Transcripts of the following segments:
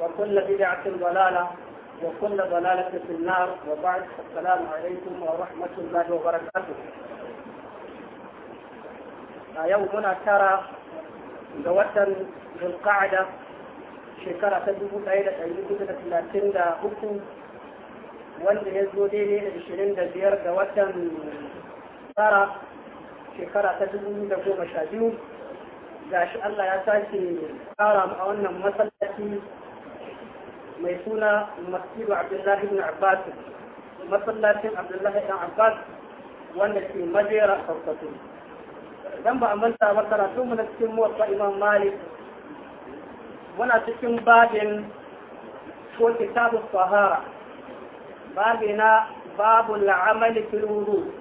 وكل بدعة ضلالة وكل ضلالة في النار وبعد السلام عليكم ورحمة الله وبركاته يومنا ترى دوتن ذو القعدة shekara ta dubu ɗaya da ɗari hudu da talatin da uku wanda ya zo daidai da ashirin da biyar da watan tara shekara ta dubu da goma sha biyu gashi Allah ya sake ƙara a wannan masallaci mai suna masjidu abdullahi ibn abbas masallacin abdullahi ibn abbas wanda ke majera sautatu idan ba a ba karatu mu na cikin muwatta imam malik muna cikin babin ko kitabu sahara babina babu la'amali fil wudu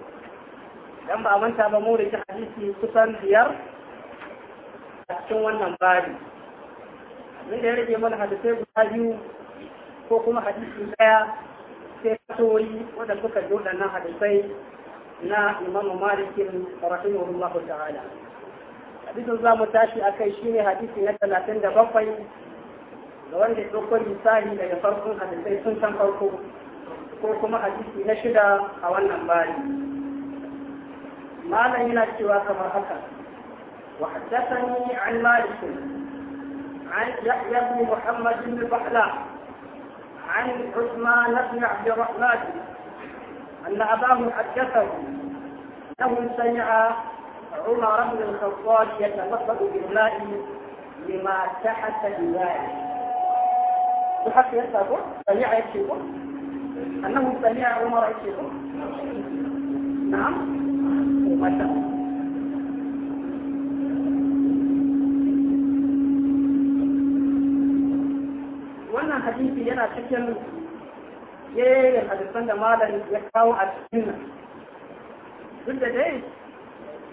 dan ba a manta ba mu da hadisi kusan biyar a cikin wannan babi abin da ya rage mana hadisai guda biyu ko kuma hadisi daya sai tori wadda suka ji waɗannan hadisai na imam malikin rahimahullahu ta'ala hadisin za mu tashi a kai shine hadisi na talatin da bakwai da wanda ɗauko lissahi daga farkon hadisai sun san farko ko kuma hadisi na shida a wannan bari malam yana cewa kamar haka وحدثني عن مالك عن يحيى بن محمد بن بحلاء عن عثمان بن عبد الرحمن أن أباه حدثه أنه سمع عمر بن الخطاب يتلفظ بالماء لما تحت بذلك بحق يسأله سمع يكشفه أنه سمع عمر يكشفه نعم الله. yana cikin yayin hadisan da malam ya kawo a cikin duk da dai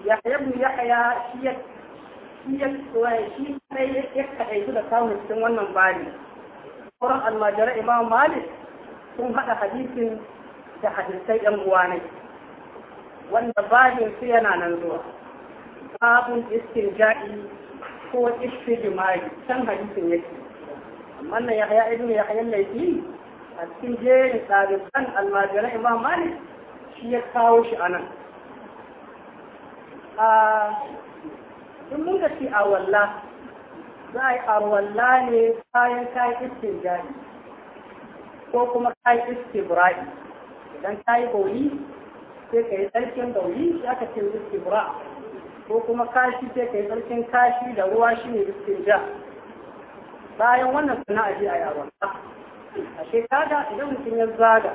ya yabu ya haya shi ya shi ya a ya da kawo cikin wannan bari ƙoron almajirar imam malik sun haɗa hadisin da hadisai ɗan uwanai wanda babin su yana nan zuwa babun iskin ja'i ko jima'i, san hadisin yake amma nan yahya ibn yahya laifi a cikin jerin ɗaliban almajiran imam malik shi ya kawo shi anan a in mun ga ci a walla za a yi a walla ne kayan kayan jari, ko kuma kayan istibra'i idan ka yi bauli sai ka yi tsarkin bauli ya ka ce istibra ko kuma kashi sai ka yi tsarkin kashi da ruwa shi ne istinja bayan wannan suna a a yawon a shekara idan mutum ya zaga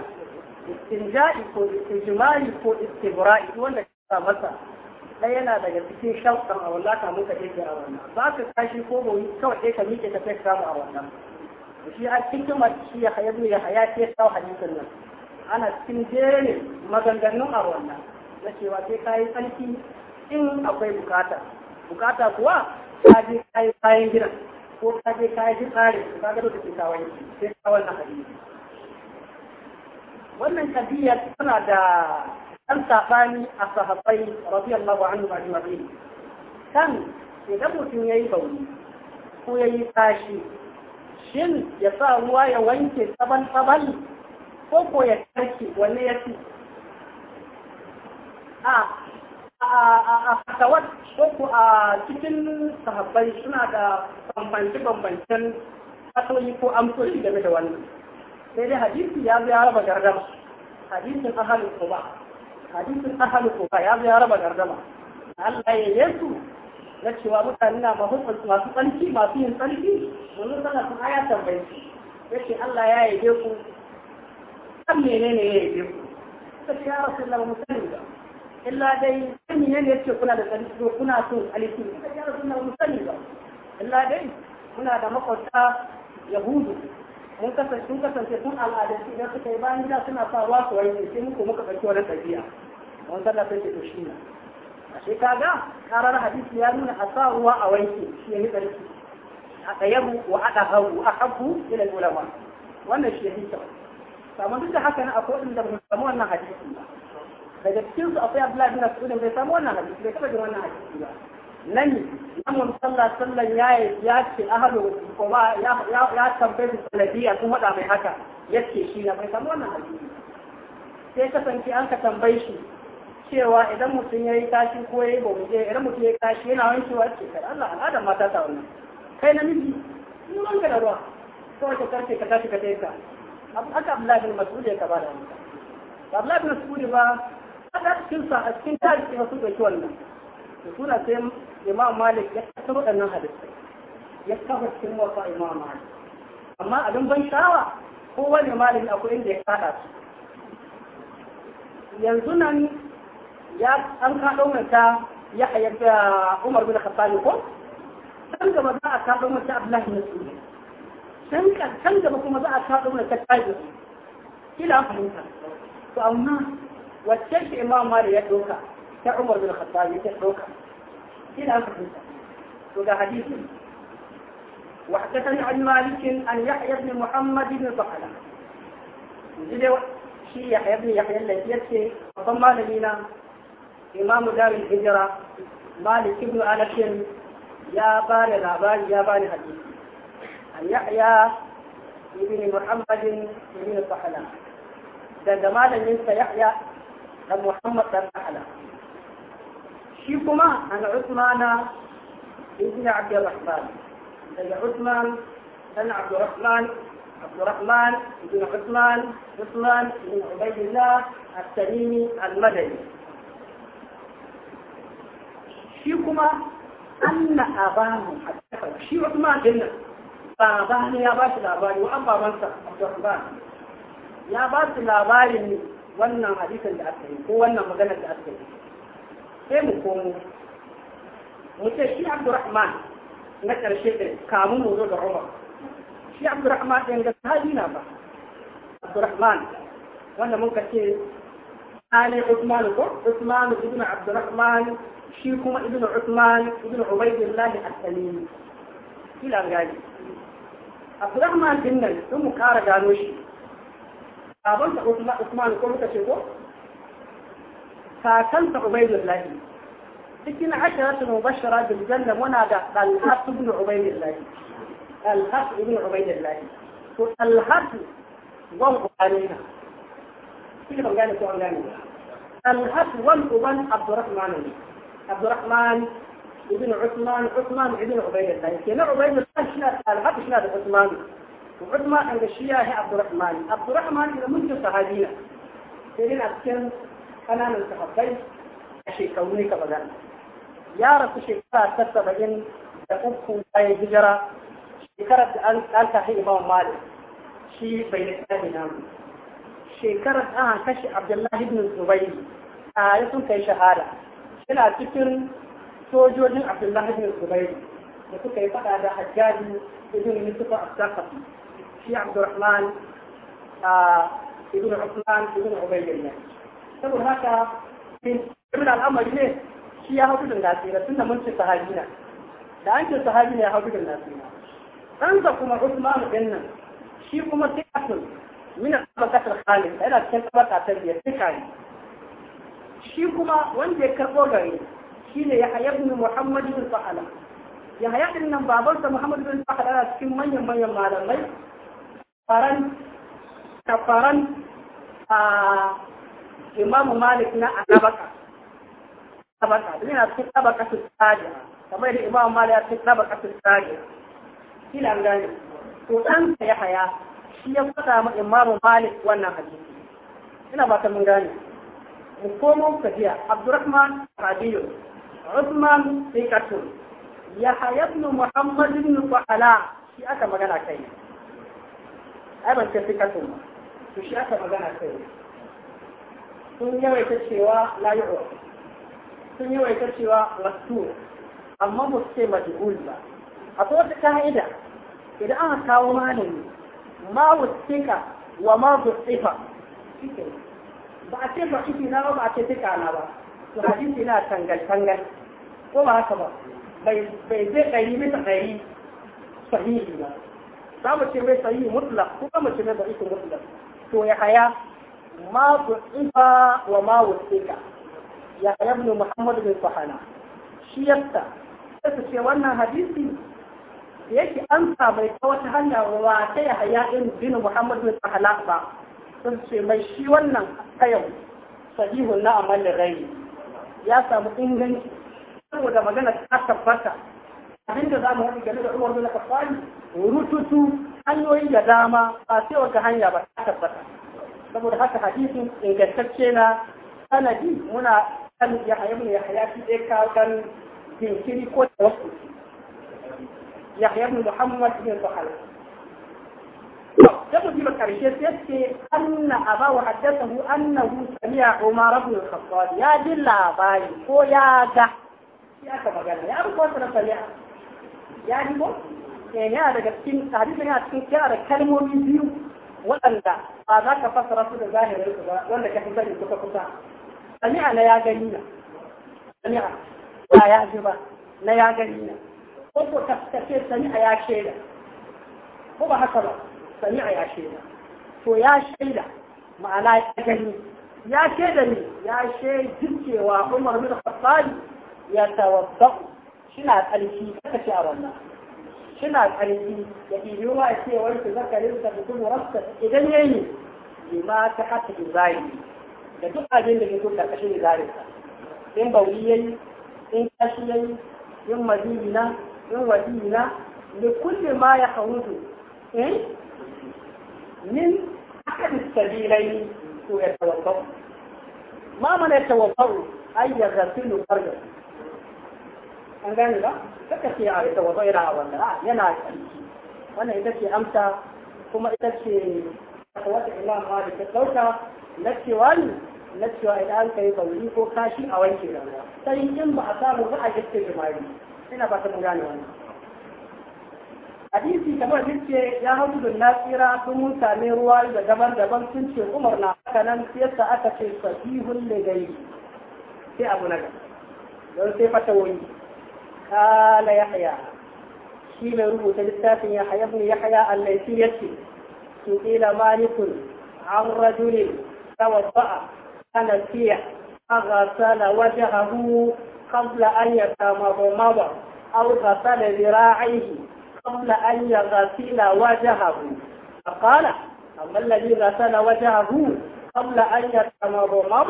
istinja'i ko istijmari ko istibra'i wanda ka masa ɗaya yana daga cikin shauƙan a wallah muka ɗaya a wannan ka kashi ko bauyi kawai ɗaya ka miƙe ka sai ka a wannan shi a cikin shi ya hayar ya haya ce kawo hadisin nan ana cikin jerin maganganun a wannan na cewa sai ka yi tsarki in akwai bukata bukata kuwa ka je ka yi bayan gidan ko ka je ka yi tsari ka ga dole ka wani sai ka wannan hadisi wannan kadiya tana da ɗan sabani a sahabbai radiyallahu anhu ajma'in kan idan mutum ya yi bauni ko ya yi tashi shin ya sa ruwa ya wanke tsaban tsaban ko ko ya tarki wanne ya fi a a fatawar ko a cikin sahabbai suna da bambance-bambancen fasoyi ko amsoshi game da wannan sai dai hadisi ya zai raba gardama hadisin ahalin kuba hadisin ahalu kuba ya zai raba gardama Allah ya yesu na cewa mutane na mahukunci masu tsanci masu yin tsanci wani sana sun aya tambayi ya ce Allah ya yi ku kan menene ya yi ku ta ce ya rasu da musani illa dai sani ne ce kuna da tsari ko kuna so alisu ya rasulullah mun sani ba illa dai muna da makwabta yahudu mun kasance sun kasance sun al'adanci idan suka yi bayan gida suna sa wa su wani sai muku muka ɗauki wani ɗabi'a mun sallah sai to shi ne A kaga karar hadisi ya nuna a sa ruwa a wanke shi ne tsarki a tsayabu wa a ɗahabu a habbu ila ulama wannan shi ne kyau amma duk da haka na akwai inda mun samu wannan hadisi ba daga cikin su akwai Abdullahi bin Mas'ud bai samu wannan hadisi bai taba jin wannan hadisi ba nan namun sallah sallan ya ya ce ahalu kuma ya ya tambaye su sanadiyya sun wada mai haka yace shi na bai samu wannan hadisi sai kasance an ka tambaye shi cewa idan mutum ya yi kashi ko ya yi bamuje idan mutum ya yi kashi yana wankewa ce kai Allah al'adar mata ta wannan kai namiji in wanka da ruwa kawai ka karfe ka tashi ka taika haka Abdullahi bin Mas'ud ya ka bada wannan Abdullahi bin Mas'ud ba kada cikin sa a cikin tarihi sun ɗauki wannan da suna sai imam malik ya kasar waɗannan hadisai ya kafa cikin wasa imam malik amma abin ban ko wani malami akwai inda ya kada su yanzu nan ya an kaɗo mata ya hayyata umar bin khattabi ko can gaba za a kaɗo mata abdullahi bin sunan can can gaba kuma za a kaɗo mata tabi'i kila an fahimta to amma wacce إمام mali يدوكا كعمر بن الخطاب يدوكا إلى أن doka ina حديث وحدثني عن مالك عن يحيى بن محمد بن صحلة شيء يحيى بن يحيى الذي يدكي وطمع لنا إمام دار الهجرة مالك بن أنس يا بان الأبان يا بان حديث عن يحيى بن محمد بن صحلة ده جمال ينسى يحيى dan Muhammad dan Ta'ala shi kuma an Uthmana ibn Abdurrahman daga Uthman dan Abdurrahman Abdurrahman ibn Uthman Uthman ibn Ubaydillah التميمي المدني shi kuma an na abanu a shi Usman din nan babani ya ba shi labari wa an babansa Abdurrahman ya ba shi labarin ne wannan hadisan da aka yi ko wannan maganar da aka yi sai mu komo mu ce shi abdurrahman na karshe ɗin kamun mu da umar shi abdurrahman ɗin ga sahabi na ba abdurrahman wanda mun kace ali usman ko usman ibn abdurrahman shi kuma ibn usman ibn ubaydillah al salim kila gani abdurrahman din nan sun mu kara gano shi أبان تقول أثمان كم تشيكو فكان عبيد الله لكن عشرة مبشرة بالجنة منادى الحرس بن عبيد الله الحرس بن عبيد الله الحرس ضم قرانينا كيف قال سؤال قرانينا الحرس ضم قران عبد الرحمن عبد الرحمن ابن عثمان عثمان ابن عبيد الله كان عبيد الله شنا الحرس شنا عثمان to Uthman an ga shi ya yi Abdurrahman Abdurrahman da mun ji sahabina sai dai na cikin kananan sahabbai a shekaru ne ka bazan ya rasu shekara ta saba'in da uku bayan hijira shekarar da an tafi Imam Malik shi bai da tsari namu shekarar da aka kashe Abdullahi ibn Zubayr a ya sun kai shahada yana cikin sojojin Abdullahi ibn da suka fada da Hajjaji ibn shi عبد الرحمن Usman ibn Ubayy ne saboda haka bin al'amari ne shi ya haɗu da nasira tunda من ce da an ce sahabi ne ya haɗu da nasira kuma Usman bin nan shi kuma tikatun min al-tabaqatul khalid yana cikin tabaqa ta biyar tikari shi kuma wanda ya karɓo gari shi ne ya hayar ibn Muhammad bin ya hayar nan Muhammad bin cikin manyan manyan malamai kafaran kafaran a imamu malik na a tabaka tabaka na a cikin tabaka su tsaje kamar da imamu malik ya cikin tabaka su tsaje kina gani to dan ya haya shi ya fada ma imamu malik wannan hadisi ina ba ta mun gane mu komo tafiya abdurrahman radiyo usman sikatun yahya ibn muhammad ibn fa'ala shi aka magana kai ai ban sai ka tuma to shi aka magana kai sun yawaita cewa la sun sun yawaita cewa wasu amma ba su ma majhul ba akwai wata ka'ida idan aka kawo malami ma wasika wa ma zuifa ba a ce ba na ba a ce tika na ba to hadisi na tangal tangal ko ba haka ba bai zai ɗari bisa ɗari sahihi ba za mu ce mai sahihi mutlaq ko za mu ce mai da'if mutlaq to ya haya ma du'ifa wa ma wasika ya haya ibn muhammad bin sahana shi yatta sai ce wannan hadisi da yake an bai ta wata hanya wa ta ya haya ibn bin muhammad bin sahana ba sun ce mai shi wannan kayan sahihun na amalin rai ya samu inganci saboda magana ta tabbata abin da za mu wani game da umar bin khattab rututu hanyoyi da dama ba sai wata hanya ba ta tabbata saboda haka hadisin ingantacce na sanadi muna kan ya hayi mun ya haya shi dai ka kan jinkiri ko wasu ya hayi mun muhammad bin bukhari da mu ba karshe sai ce anna aba wa haddathahu annahu sami'a umar bin khattab ya ji labari ko ya ga ya ka magana ya rubuta da sami'a ya ji ko eh, yana daga cikin hadisin yana cikin yana da kalmomi biyu waɗanda ba za ka fassara su da zahirin su ba wanda ka fi sani kusa kusa sami'a na ya gani na sami'a ba ya ji ba na ya gani na ko ko ka ce sami'a ya shaida ko ba haka ba sami'a ya shaida to ya shaida ma'ana ya gani ya shaida ne ya shaida cewa Umar bin Khattab ya tawadda'u suna ƙarfi kaka ce a wannan suna ƙarfi da ɗibi ruwa a cewar su zakarin da mutum rasta idan ya yi ma ta haka izari da duk abin da ke zo zai izarinsa in bauri ya yi in kashi ya yi in madina in wadina da kulle ma ya haudu eh? min أحد السبيلين هو يتوضأ ما من يتوضأ zafi lokar فرجه an gane ba kaka ce a ita wazo ira wannan a yana wannan ita ce amsa kuma ita ce wata imam ma da ta dauka na cewa ne na cewa idan an kai bauri ko kashi a wanke rana sai in ba a samu ba a gaske jima'i ina ba ta mun gane wannan hadisi kamar yake ya hau da nasira sun mun same ruwa da daban-daban sun ce umar na haka nan yadda aka ce sahihun da gari sai abu na gaba don sai fata wani قال يحيى شيل ربو تلسات يحيى بن يحيى الليثي يكي سئل مالك عن رجل توضأ فنسي فغسل وجهه قبل أن يتمضمض أو غسل ذراعيه قبل أن يغسل وجهه فقال أما الذي غسل وجهه قبل أن يتمضمض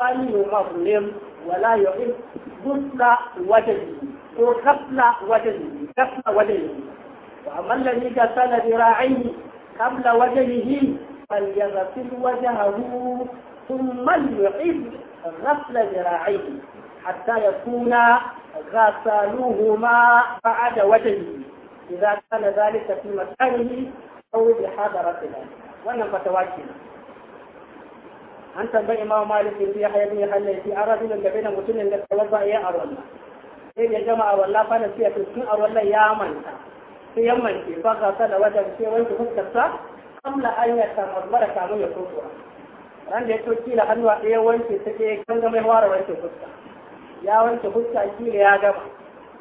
فليظلم ولا يحب غسل وجهه ko kafla wajen kabla wajen wa amman lam yaghsala dira'aihi qabla wajhihi falyaghsil wajhahu thumma yu'id ghasla dira'aihi hatta yakuna غسلوهما بعد وجهه إذا كان ذلك في مكانه أو بحضرتنا wannan fatawa ce an tambayi imam malik bin yahya bin yahya ne a rabin da bai da mutumin da kawai ba ya arwana sai ya gama a walla fa da sai ya tun a walla ya manta sai ya manta fa ka ta da wajen sai wanke fuskarsa kamla an ya tamarmara kamun ya tofuwa ran da ya toki da hannu a ɗaya wanke ta ɗaya kan gama ya ware wanke fuska ya wanke fuska kila ya gama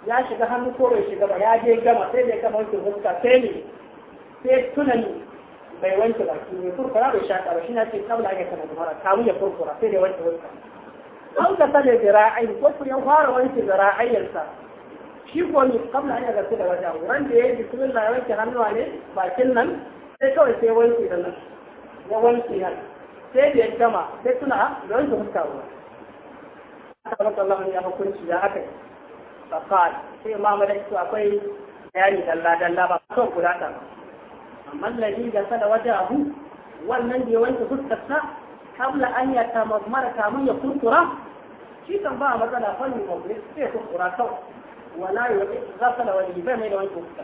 ya shiga hannu ko bai shiga ba ya je gama sai da ya gama wanke fuska sai ne sai tunani bai wanke baki ne furfura bai shaƙa ba shi na ce kamla an ya tamarmara kamun ya furfura sai da ya wanke fuska an ka sane zira'ai wasu ya fara wanke zira'ayyarsa shi ko ne kamla an yaga su da wata wurin da ya yi bismillah ya wanke hannuwa ne bakin nan sai kawai sai wanke da nan ya wanke nan sai da ya gama sai suna da wanke fuska ruwa aka maka Allah ya hukunci da aka yi fakal sai ma mada su akwai bayani dalla dalla ba son guda ta amma lalli da sada abu wannan da ya wanke fuskarsa kabla an ya tamammara kamun ya kurkura shi kan ba matsala fannin kwamfani sai kurkura kawai wala ya eh, zafi da wani bai mai da wani kurkura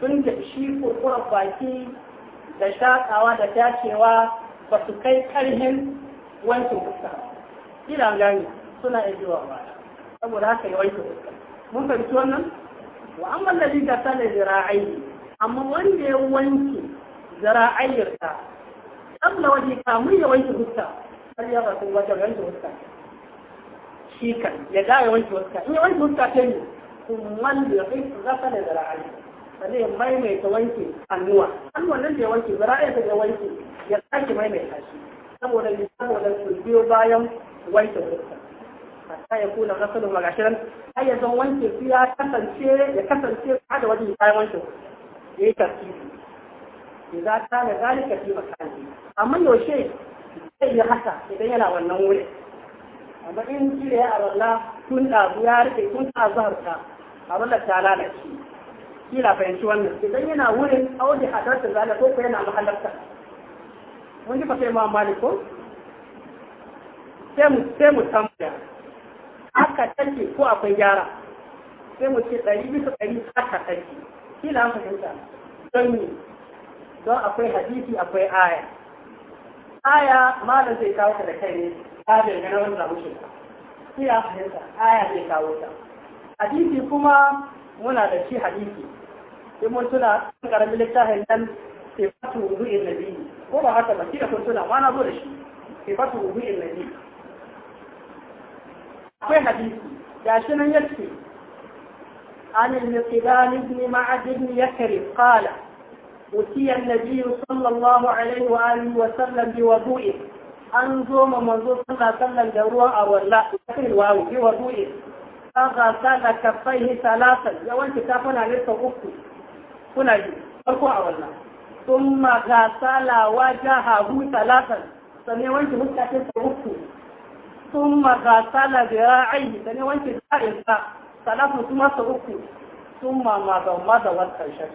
tun da shi kurkurar baki da shakawa da dacewa ba su kai karhin wankin fuska ina gani suna iya zuwa baya saboda haka ya wanke fuska mun fahimci wannan wa amma lalli ga sale zira'ai amma wanda ya wanke zira'ayyarsa amma waje mun ya wanke fuska har ya ba su wajen wanke fuska shi ka ya ga ya wanke fuska in ya wanke fuska ta ne kumman da ya kai zafa da zara'ai sannan ya maimaita wanke hannuwa hannuwan nan da ya wanke zara'ai ta ya wanke ya sake maimaita shi saboda ne saboda su biyo bayan wanke fuska ta ya kuna rasulun magashiran har ya zan wanke su ya kasance ya kasance ba da wajen bayan wanke fuska ya yi tartibi idza kana zalika fi makani amma yaushe zai yi haka idan yana wannan wurin amma in jira ya aralla tun ɗazu ya rike tun a aralla ta lalace Shi na fahimci wannan idan yana wurin audi hadarta zalika ko yana mahallarta mun ji fa sai ma maliko sai mu sai mu tambaya haka take ko akwai gyara sai mu ce ɗari bisa ɗari haka take Shi na fahimta don don akwai hadisi akwai aya aya malam zai kawo ta da kai ne ta da ganin wani zamu shi sai ya fahimta aya zai kawo ta hadisi kuma muna da shi hadisi sai mun tuna karamin littafin nan sai fatu ruhin nabi ko ba haka ba kira kun tuna ma na zo da shi sai fatu na nabi akwai hadisi ga shi nan yake عن المقدام بن معد بن يكرم قال أتي النبي صلى الله عليه وآله وسلم بوضوئه أنزوم منظور صلى الله عليه وسلم دروع أولا لكن الواو بوضوئه فغسل كفيه ثلاثا يوان كتابنا لسه أكتو هنا جي أركو أولا ثم غسل وجهه ثلاثا sannan وانت mutacin sa ثم غسل magasala da وانت sannan wanke ثم sa salafu kuma sa uku sun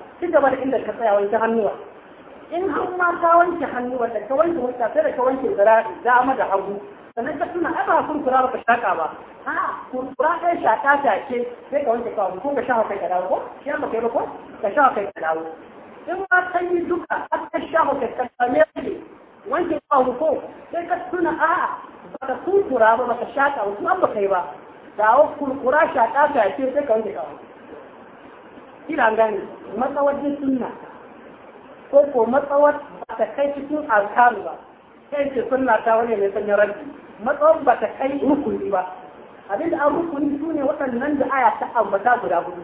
ci gaba da inda ka tsaya wanke hannuwa in har ma ka wanke hannuwa da ka wanke wanka sai da ka wanke zira'i dama da hagu sannan ka tuna ai ba kun kura ba ka shaka ba a kurkura kai shaka take sai ka wanke kawo ko ka shafa kai ka dawo ko shi ba kai ba ko ka shafa kai ka dawo in ma kan yi duka har ka shafa kai ka dawo ne wanke kawo ko sai ka tuna a'a ba ka kurkura ba ba ka shaka ba kuma ba kai ba dawo kurkura shaka take sai ka wanke ba. Ina gani matsawar sunna ko ko matsawar ba ta kai cikin alkalu ba kai ce sunna ta wani mai sanya rabbi matsawar ba ta kai rukuni ba abinda an rukuni su ne waɗannan da aya ta ambata guda hudu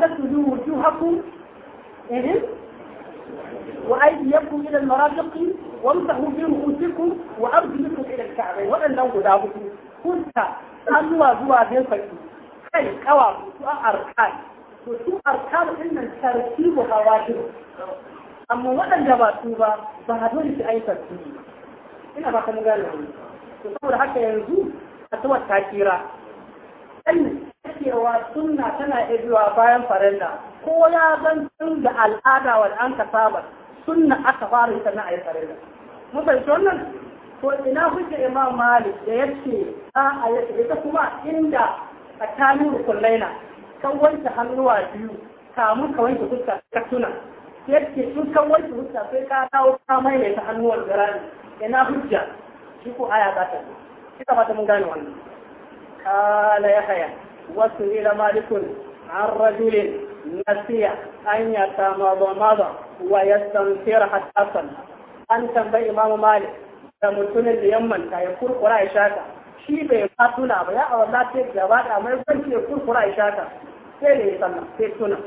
da su yi wuju haku ehin wa kuma idan al-marafiqi wamsahu bi ru'usikum wa arjulukum idan al waɗannan guda hudu kunta hannuwa zuwa zai faɗi, kai kawa su a arkai su arkabu din nan tartibu hawajir amma waɗanda ba su ba ba a dole su aikar su ina ba ka gane to saboda haka yanzu a tuwa ta kira ɗan cewa sunna tana iya bayan farenda, ko ya zan tun da al'ada wa an ka saba sunna aka fara ita na ayi farilla mun fahimci wannan to ina kuke imam malik da yace a a ita kuma inda tsakanin rukunai na kan wanke hannuwa biyu kamun ka wanke fuska ka tuna yadda in kan wanke fuska sai ka dawo ka maimaita hannuwar garani ina hujja shi ko aya ba ta shi ta fata mun gane wannan kala ya haya wasu ila malikun an rajulin nasiya an ya ma maza wa ya samfira hatta sanna an tambayi imamu malik da mutumin da ta ya kurkura ya shaka shi bai fatuna ba ya a wallace gaba da mai kwanci ya kurkura ya shaka sai ya sallah sai tuna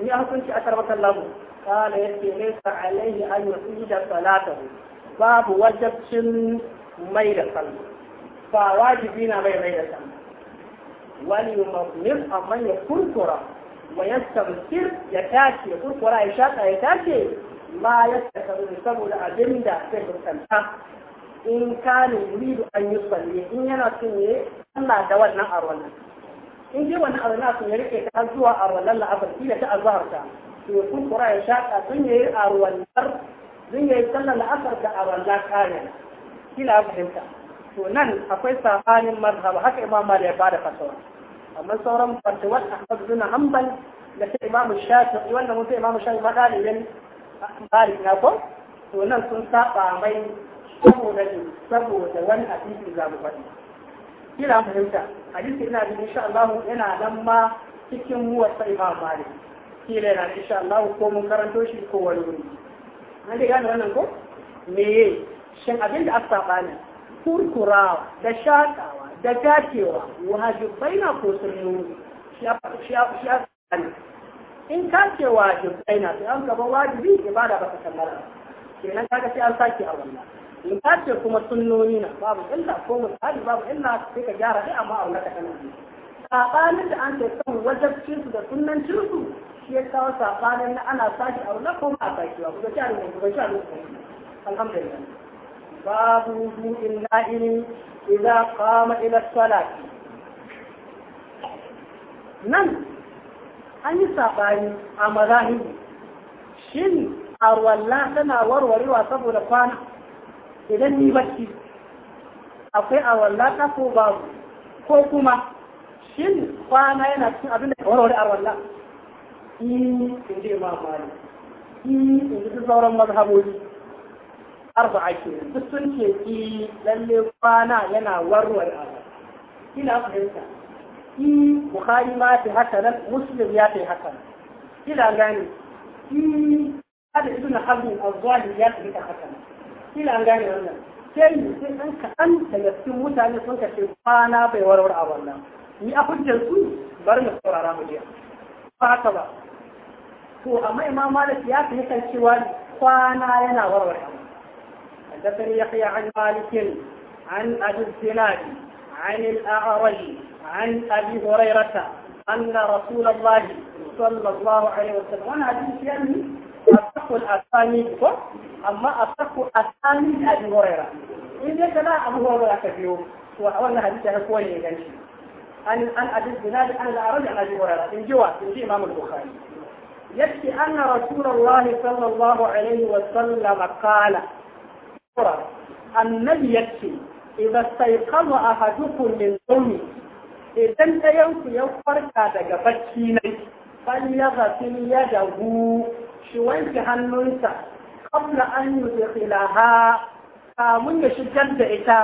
in ya hukunci a karbar sallahu kala ya ce laisa alaihi an yi da salatahu babu wajabcin mai da sallah ba wajibi na mai mai da sallah wani mu'min amma ya kurkura wa yastamsir ya tashi ya kurkura ya shaka ya tashi ma ya tafi saboda abin da zai fuskanta in kanu yuridu an yi sallah in yana son ya Allah da wannan a wannan in dai wani abu na sun ya rike ta zuwa a wannan la'afar, kila ta azhar ta to ya kunkura ya shaka sun yi a wannan sun yi sallar la'afar da a wannan kare kila fahimta to nan akwai sahanin marhaba haka imam mali ya bada fatawa amma sauran fatawar ahmad bin hanbal da ta imam shafi'i wannan mutum imam shafi'i ma dalibin malik na ko to nan sun saba mai saboda saboda wani hadisi za mu faɗi kira fahimta hadisi ina da insha Allah yana nan ma cikin sai ba Malik kira yana insha Allah ko mun karanto shi ko wani wuri an dai yana wannan ko me shin abin da aka ne kurkurawa da shakawa da gacewa wajibai na ko sun yi shi ya tsani in ka ce wajibai na sai an gaba wajibi ibada ba ta kammala kenan kaga sai an sake a wannan misali ce kuma sunnoni na babu illa ko misali babu illa sai ka gyara sai amma abu na ka sanin sabanin da an ce kan wajabcin su da sunnan su shi ya kawo sabanin na ana sashi abu na ko a sashi ba ku ga shi ne ku ga shi alhamdulillah babu wudu'in na'ilin idza qama ila salati nan an yi sabani a mazahiri shin arwalla tana warwarewa saboda kwana idan ni bacci akwai a walla ko babu ko kuma shin kwana yana cikin abin da ka warware a walla in in je ma mali in in ji sauran mazhabobi arba'a ke duk sun ce ki e, lalle kwana yana warware a ina fahimta in e, bukhari ma ta haka nan muslim ya ta haka Ki ina gane in e, hada ibn hazm al-zahiri ya ta haka nan kila an gane wannan sai sai ɗan kaɗan daga cikin mutane sun kashe kwana bai warware a wannan ni a hujjar su bar mu saurara mu jiya ba haka ba to amma imam malik ya fi kan cewa kwana yana warware حدثني يحيى عن مالك an أبي الزناد عن الأعرج عن أبي هريرة أن رسول الله صلى الله عليه وسلم وأنا حديث يعني asakul asani ko amma asakul asani da abin horera in dai kana abu horera ka biyo to a wannan hadisi ya kowa ne ganci an an abin dinadi an al'arabi an abin horera in jiwa in ji rasulullah sallallahu alaihi wa sallam qala annabi yace idan saiqama ahadukum min idan ɗayanku ya farka daga bacci fal yaghsil yadahu shi wanke hannunsa kabla an yudkhilaha kamun ya shigar da ita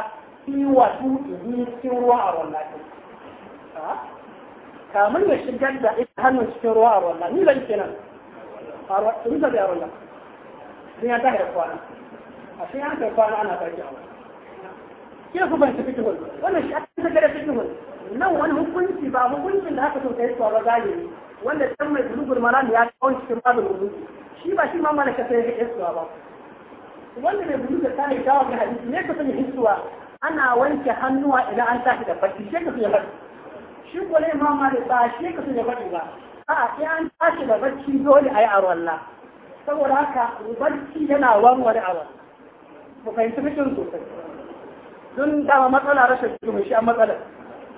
fi wa tuɗi cikin ruwa a wallahi kamun ya shigar da ita hannun cikin ruwa a wallahi ni zan kenan a ruwa da yaron sun ya tahira kwana a sun ya kai ana farki a wani ke ku ban tafi tuhul wannan shi nan wani hukunci ba hukuncin da aka so kai tsoron wanda dan mai mara ne ya kawo cikin babin rubutu shi ba shi ma ka sai ya suwa ba wanda mai bulugul ta ne kawo ga hadisi ne ka sani hisuwa ana wanke hannuwa idan an tashi da barci shi ka sani barci shi ko ne ma ba shi ka sani barci ba a'a sai an tashi da barci dole ayi arwalla saboda haka barci yana warware arwalla ku fahimci mutum sosai don dama matsala rashin cikin shi a matsalar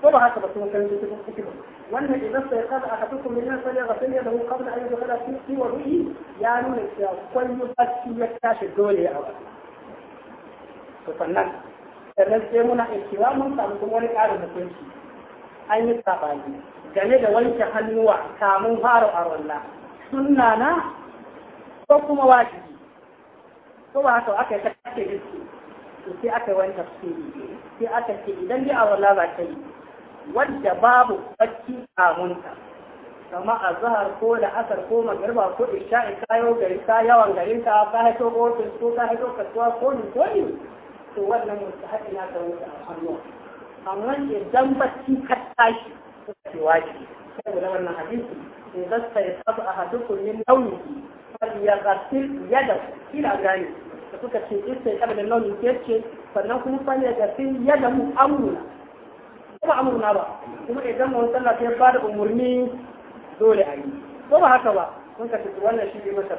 ko ba haka ba sun fahimci cikin ba Wannan idan sai kada aka tuku min nan sai ga sun da mu kabla an yadda fi fi wa ruhi ya nuna cewa kwallo bacci ya tashi dole a ba to sannan sannan sai muna ikira mun samu kuma wani ƙarin mutunci. an yi sabani game da wanke hannuwa kamun fara a walla sunna na ko kuma wajibi ko ba haka aka yi ta kake riski to sai aka yi wani tafsiri sai aka ce idan dai a walla ba ta yi wadda babu bacci kamunta kama a zahar ko da asar ko magarba ko isha'i kayo gari ka yawan garin ka ka haito ofis ko ka haito kasuwa ko ni ko ni to wannan mutu haɗi na ka wuta a hannu amma idan bacci ka tashi ko ka ce sai da wannan hadisi in zasta ya tafi a hadukun min nauyi fal ya gasil yada kila gani da suka ce sai ya tafi da nauyi ke ce sannan kuma fal ya gasil yada mu amuna kuma amurna ba kuma idan mun sallah sai ba da umurni dole a yi ko ba haka ba kun ka tafi wannan shi ne masa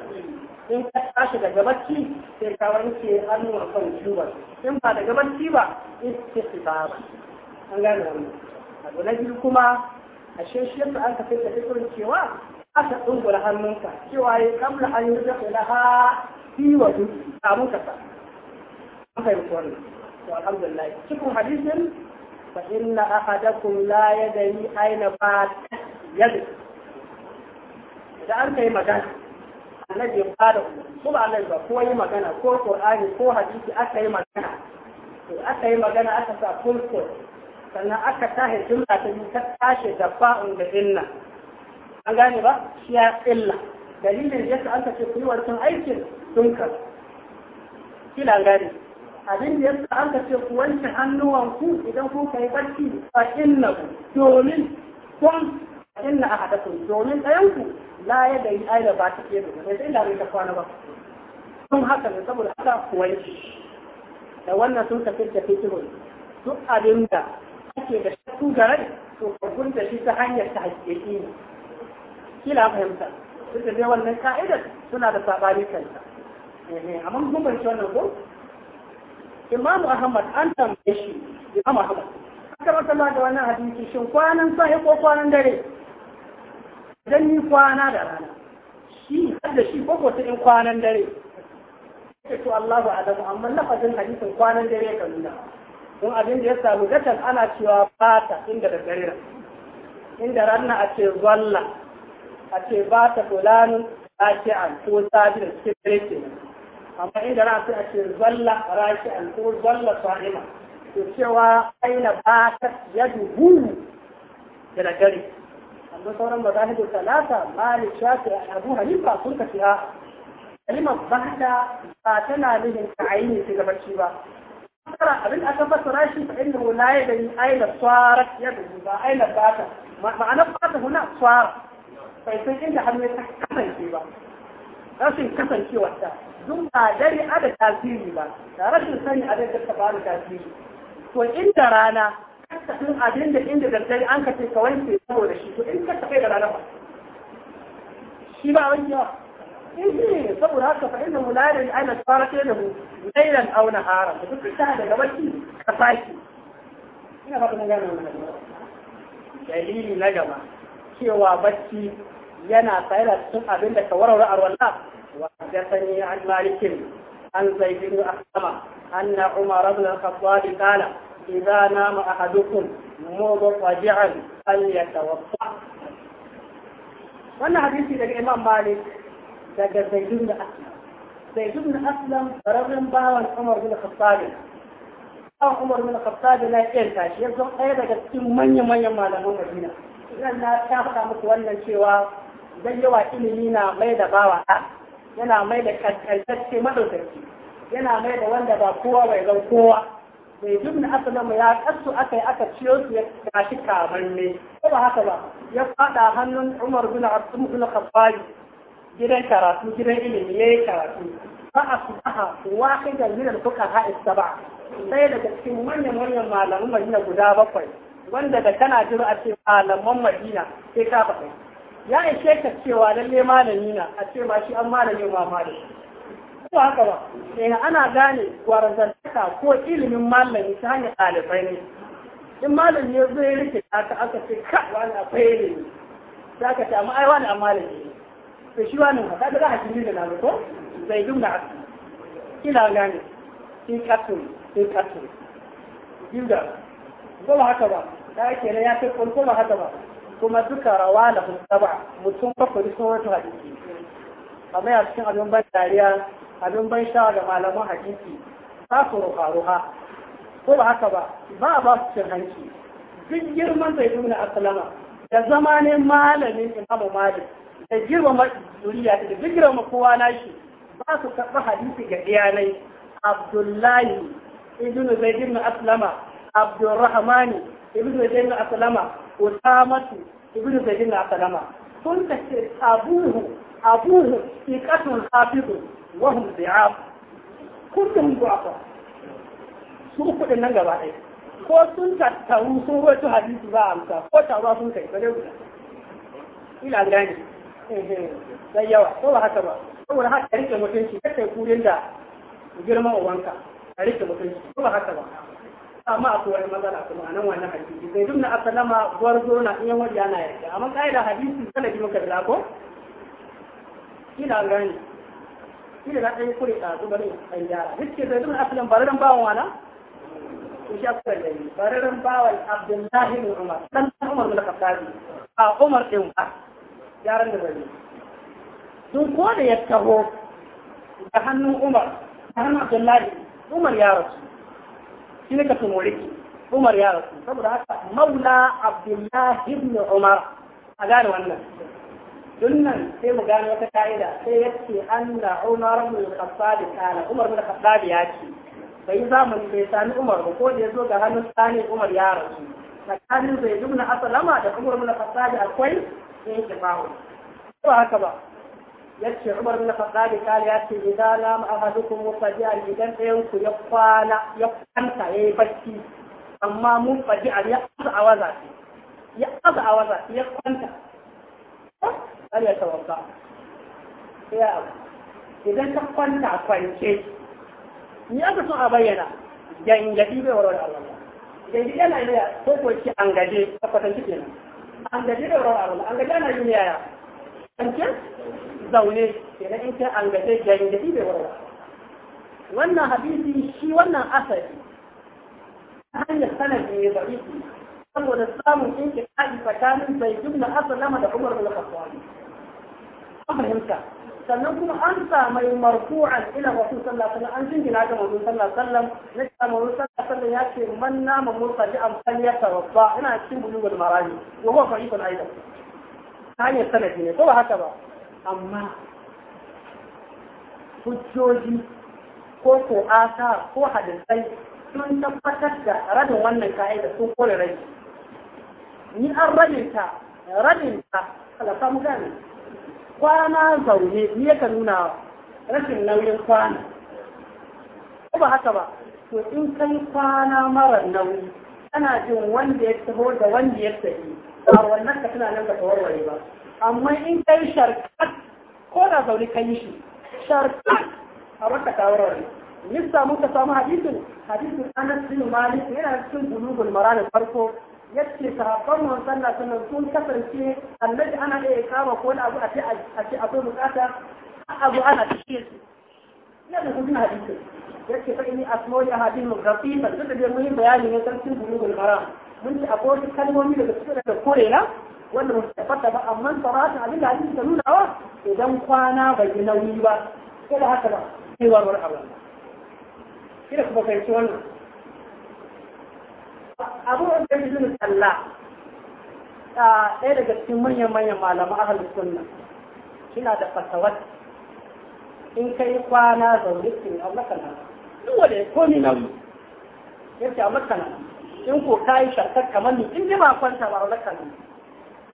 in ka tashi daga bacci sai ka wanke hannu a kan shubar in ba daga bacci ba in ka tafi ba an gane wannan abu na biyu kuma a shi yadda an ka fita fikurin cewa ta dungula hannunka cewa ya kamla an yi zafi na ha fi wa su samun ka an fahimci wannan to alhamdulillah cikin hadisin فإن أحدكم لا يدري أين فات يده إذا أنت magana annabi ya fara ko ba annabi ba ko yi magana ko qur'ani ko hadisi aka yi magana to yi magana sa sannan aka jumla ta yi ta tashi da fa'un da inna an gane ba shi ya illa dalilin da yasa an ce aikin sun kila an abin da yasa aka ce ku wanke ku idan ku kai barci fa inna domin kun inna ahadakum domin ɗayan ku la ya da yi aida ba ta ke da sai sai da ta kwana ba kun haka ne saboda haka ku wanke da wannan sun tafi da fitirun duk abin da ake da shakku ga rai to kun da shi ta hanyar ta hakiki ne kila fahimta duk da dai wannan ka'idar suna da sabani kanta amma mun bambance wannan ko imamu ahmad an tambaye shi imamu ahmad aka sallah da wannan hadisi shin kwanan sahi ko kwanan dare idan ni kwana da rana shi har da shi ko ko in kwanan dare sai to Allahu a'lamu amma lafazin hadisin kwanan dare kan nuna don abin da ya samu datan ana cewa fata inda da dare inda ranna a ce zalla a ce bata ta a ce an ko sabin cikin dare kenan أما إذا لم تأتي الظلة رأيت أن تقول ظلة صائمة تسوى أين باتت يده إلى جري أما صور المذاهب الثلاثة ما لشاك أحبوها لما كنت فيها لما بعد باتنا لهم كعيني في المشيبة ترى أبن أتبت رأيشي فإنه لا يدني أين صارت يده با. أين باتت معنى باتت هنا صارت فإذا كنت حميتك كفن فيها لكن كفن فيها dun ba dare ada tasiri ba da rashin sani abin da ta faru tasiri to inda rana kasafin abin da inda daddare an ka ce ka wanke saboda shi to in ka tafi da rana ba shi ba wanke ba eh, eh saboda haka fa inna mulalan ana tsarake da mu lailan auna haram. Da duk ta daga baki ka saki ina ba kuma gane wannan dalili na gaba cewa bacci yana tsaya da cikin abin da ka warware arwallah وحدثني عن مالك عن زيد بن أسلم أن عمر بن الخطاب قال إذا نام أحدكم مضطجعا فليتوضأ wannan hadisi daga Imam Malik daga Zaidun Aslam Zaidun Aslam rabin bawan Umar bin Khattab na iya tashi yanzu ɗaya daga cikin manyan manyan malaman Madina idan na ta faɗa muku wannan cewa dan yawa ilimi na mai da bawa yana mai da kankantacce madaukaki yana mai da wanda ba kowa bai zan kowa mai dubna asalama ya kasu aka yi aka ciyo su ya tashi kamar ne ko ba haka ba ya fada hannun umar bin abdul bin khattabi gidan karatu gidan ilimi yayi karatu fa asbaha wahidan min al-fuqaha as-sab'a sai daga cikin manyan manyan malaman Madina guda bakwai wanda da kana jira a cikin malaman Madina sai ka faɗi ya ishe ka cewa lalle malami na a ce ma shi an malami ba ma da shi ko haka ba eh ana gane gwarazantaka ko ilimin malami ta hanyar ɗalibai ne in malami ya zo ya rike aka aka ce ka wani akwai ne za ka ce amma ai wani a malami ne to shi wani ka ga hakimi da nazo ko zai dunga asu ina gane in katun in katun dinga ba haka ba ta yake ya ce ko ba haka ba kuma duka rawa na hutsaba mutum kwakwari sun wata hadisi kamar a cikin abin ban dariya abin ban shawa da malaman hadisi za su ruha ruha ko ba haka ba ba a ba su cin hanci duk girman zai nuna asalama da zama ne malamin imamu malik da girmama zuriya da duk girmama kowa na shi, ba su karɓi hadisi ga iyalai. abdullahi ibn zaid ibn aslama abdurrahmani ibn zaid ibn aslama usamatu ibn zaid na salama sun kace abuhu abuhu iqatun hafizun wa hum bi'af kuntum gwakwa su uku nan gaba ɗaya ko sun tattaru sun wato hadisi ba amsa ko taruwa sun kai bare guda ila gani sai yawa ko ba haka ba saboda haka rike mutunci kai kurin da girman uwanka a rike mutunci ko ba haka ba amma a wani matsala kuma a nan wannan hadisi sai dumna a salama gwarzo na iya wani yana yarda amma ka'ida hadisi sanadi muka da ko ina gani ina na ɗaya kure ɗazu bari an gyara duk ke zai dumna a asalin bararren bawan wana to shi akwai da yi bararren bawan abdullahi bin umar dan umar bin khattabi a umar ɗin ba yaran da bari dun ko da ya taho da hannun umar da hannun abdullahi umar ya rasu shi ne ka tumore Umar ya rasu saboda haka Maula Abdullahi ibn Umar a gane wannan dunnan sai mu gane wata ka'ida sai ya ce anna Umar bin Khattab kana Umar bin Khattab ya ce bai zamani bai sami Umar ko da ya zo ga hannun sani Umar ya rasu tsakanin zai dubna asalama da Umar bin Khattab akwai sai ya ba haka ba yace Umar bin Khattab kale yace idan lam ahadukum mutaji'an idan ɗayan ku ya kwana ya kwanta yayi bacci amma mun faji'an ya aza a waza ya aza a waza ya kwanta har ya tawaffa ya idan ka kwanta kwance ni aka so a bayyana gangadi bai warware Allah gangadi yana ne ko ko ci an gaje ka kwatanta kenan an gaje da warware Allah an gaje ana yin yaya kwance zaune kenan in kai an gaje wannan hadisi shi wannan asali hanyar sanadi ne da saboda samun inki kaji tsakanin bai jumla asalama da umar bin an fahimta sannan kuma an samu marfu'an ila wasu sallallahu alaihi an jingina ga manzon sallallahu alaihi na ga ya ce man nama mursaji an falya tawaffa ina cikin bulugul marami wa huwa fa'ikun aidan hanyar sanadi ne ko ba haka ba amma hujjoji ko ko ko hadisai sun tabbatar da rabin wannan ka'ida sun kore rai ni an rabin ta rabin ta kwana zaune ni yaka nuna rashin nauyin kwana ko ba haka ba to in kai kwana mara nauyi ana jin wanda ya taho da wanda ya tafi a wannan ka tana nan ka tawarware ba amma in kai sharkat ko da zaune kan yi shi sharfan a baka tawarware nista muka samu hadisin hadisin anas bin malik yana cikin bulugul maran farko yace sahabban mu sallah sallan sun kasance annabi ana iya kama ko da abu a ce a ce akwai bukata abu ana cike su ina da hudun hadisin yace fa inni asmoli ahadin ghafifa duk da mun yi bayani ne sarkin bulugul maran mun ci akwai kalmomi daga cikin da kore na wanda ba su tabbata ba amma sarata abin da hadisi ta nuna wa idan kwana bai yi nauyi ba ko da haka ba sai warwar abin kira kai ci wannan abu da ya talla a ɗaya daga cikin manyan manyan a ahalin sunna kina da fatawar in kai kwana zaune ke a makana duk wanda ya komi nauyi ya a makana in ko kayi shakar kamar ni in ji ba kwanta ba a makana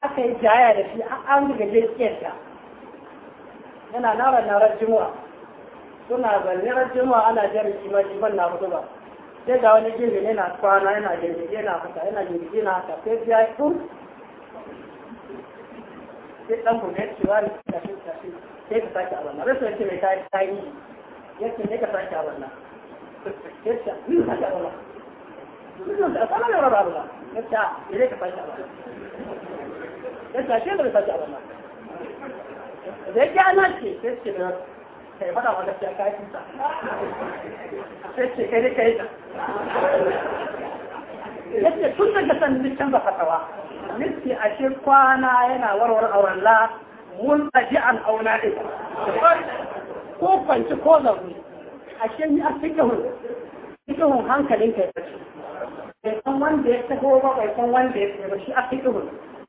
aka yi jaya da shi an jirgin ta yana nara narar jimuwa suna zannirar jimuwa ana jari kima kiman na hudu ba sai ga wani ne yana kwana yana jirgin na haka yana jirgin na haka sai biya yi tun sai dan bude ya wani tafi tafi sai ka sake a rasu yake mai kayi kayi ya ce ne ka sake a wannan ya ce ni ka sake a ya ce ne ka sake a ya sace da bai a wannan da ya gyana ce sai ce da kai fada wa gaskiya ka yi ta sai ce kai ne kai ta ya ce tun daga kasan ni canza fatawa a ashe kwana yana warware auren la mun tsaji an auna ɗin ko kwanci ko zaune ashe ni a cikin cikin hankalin kai ya ce bai san wanda ya taho ba bai san wanda ya taho ba shi a cikin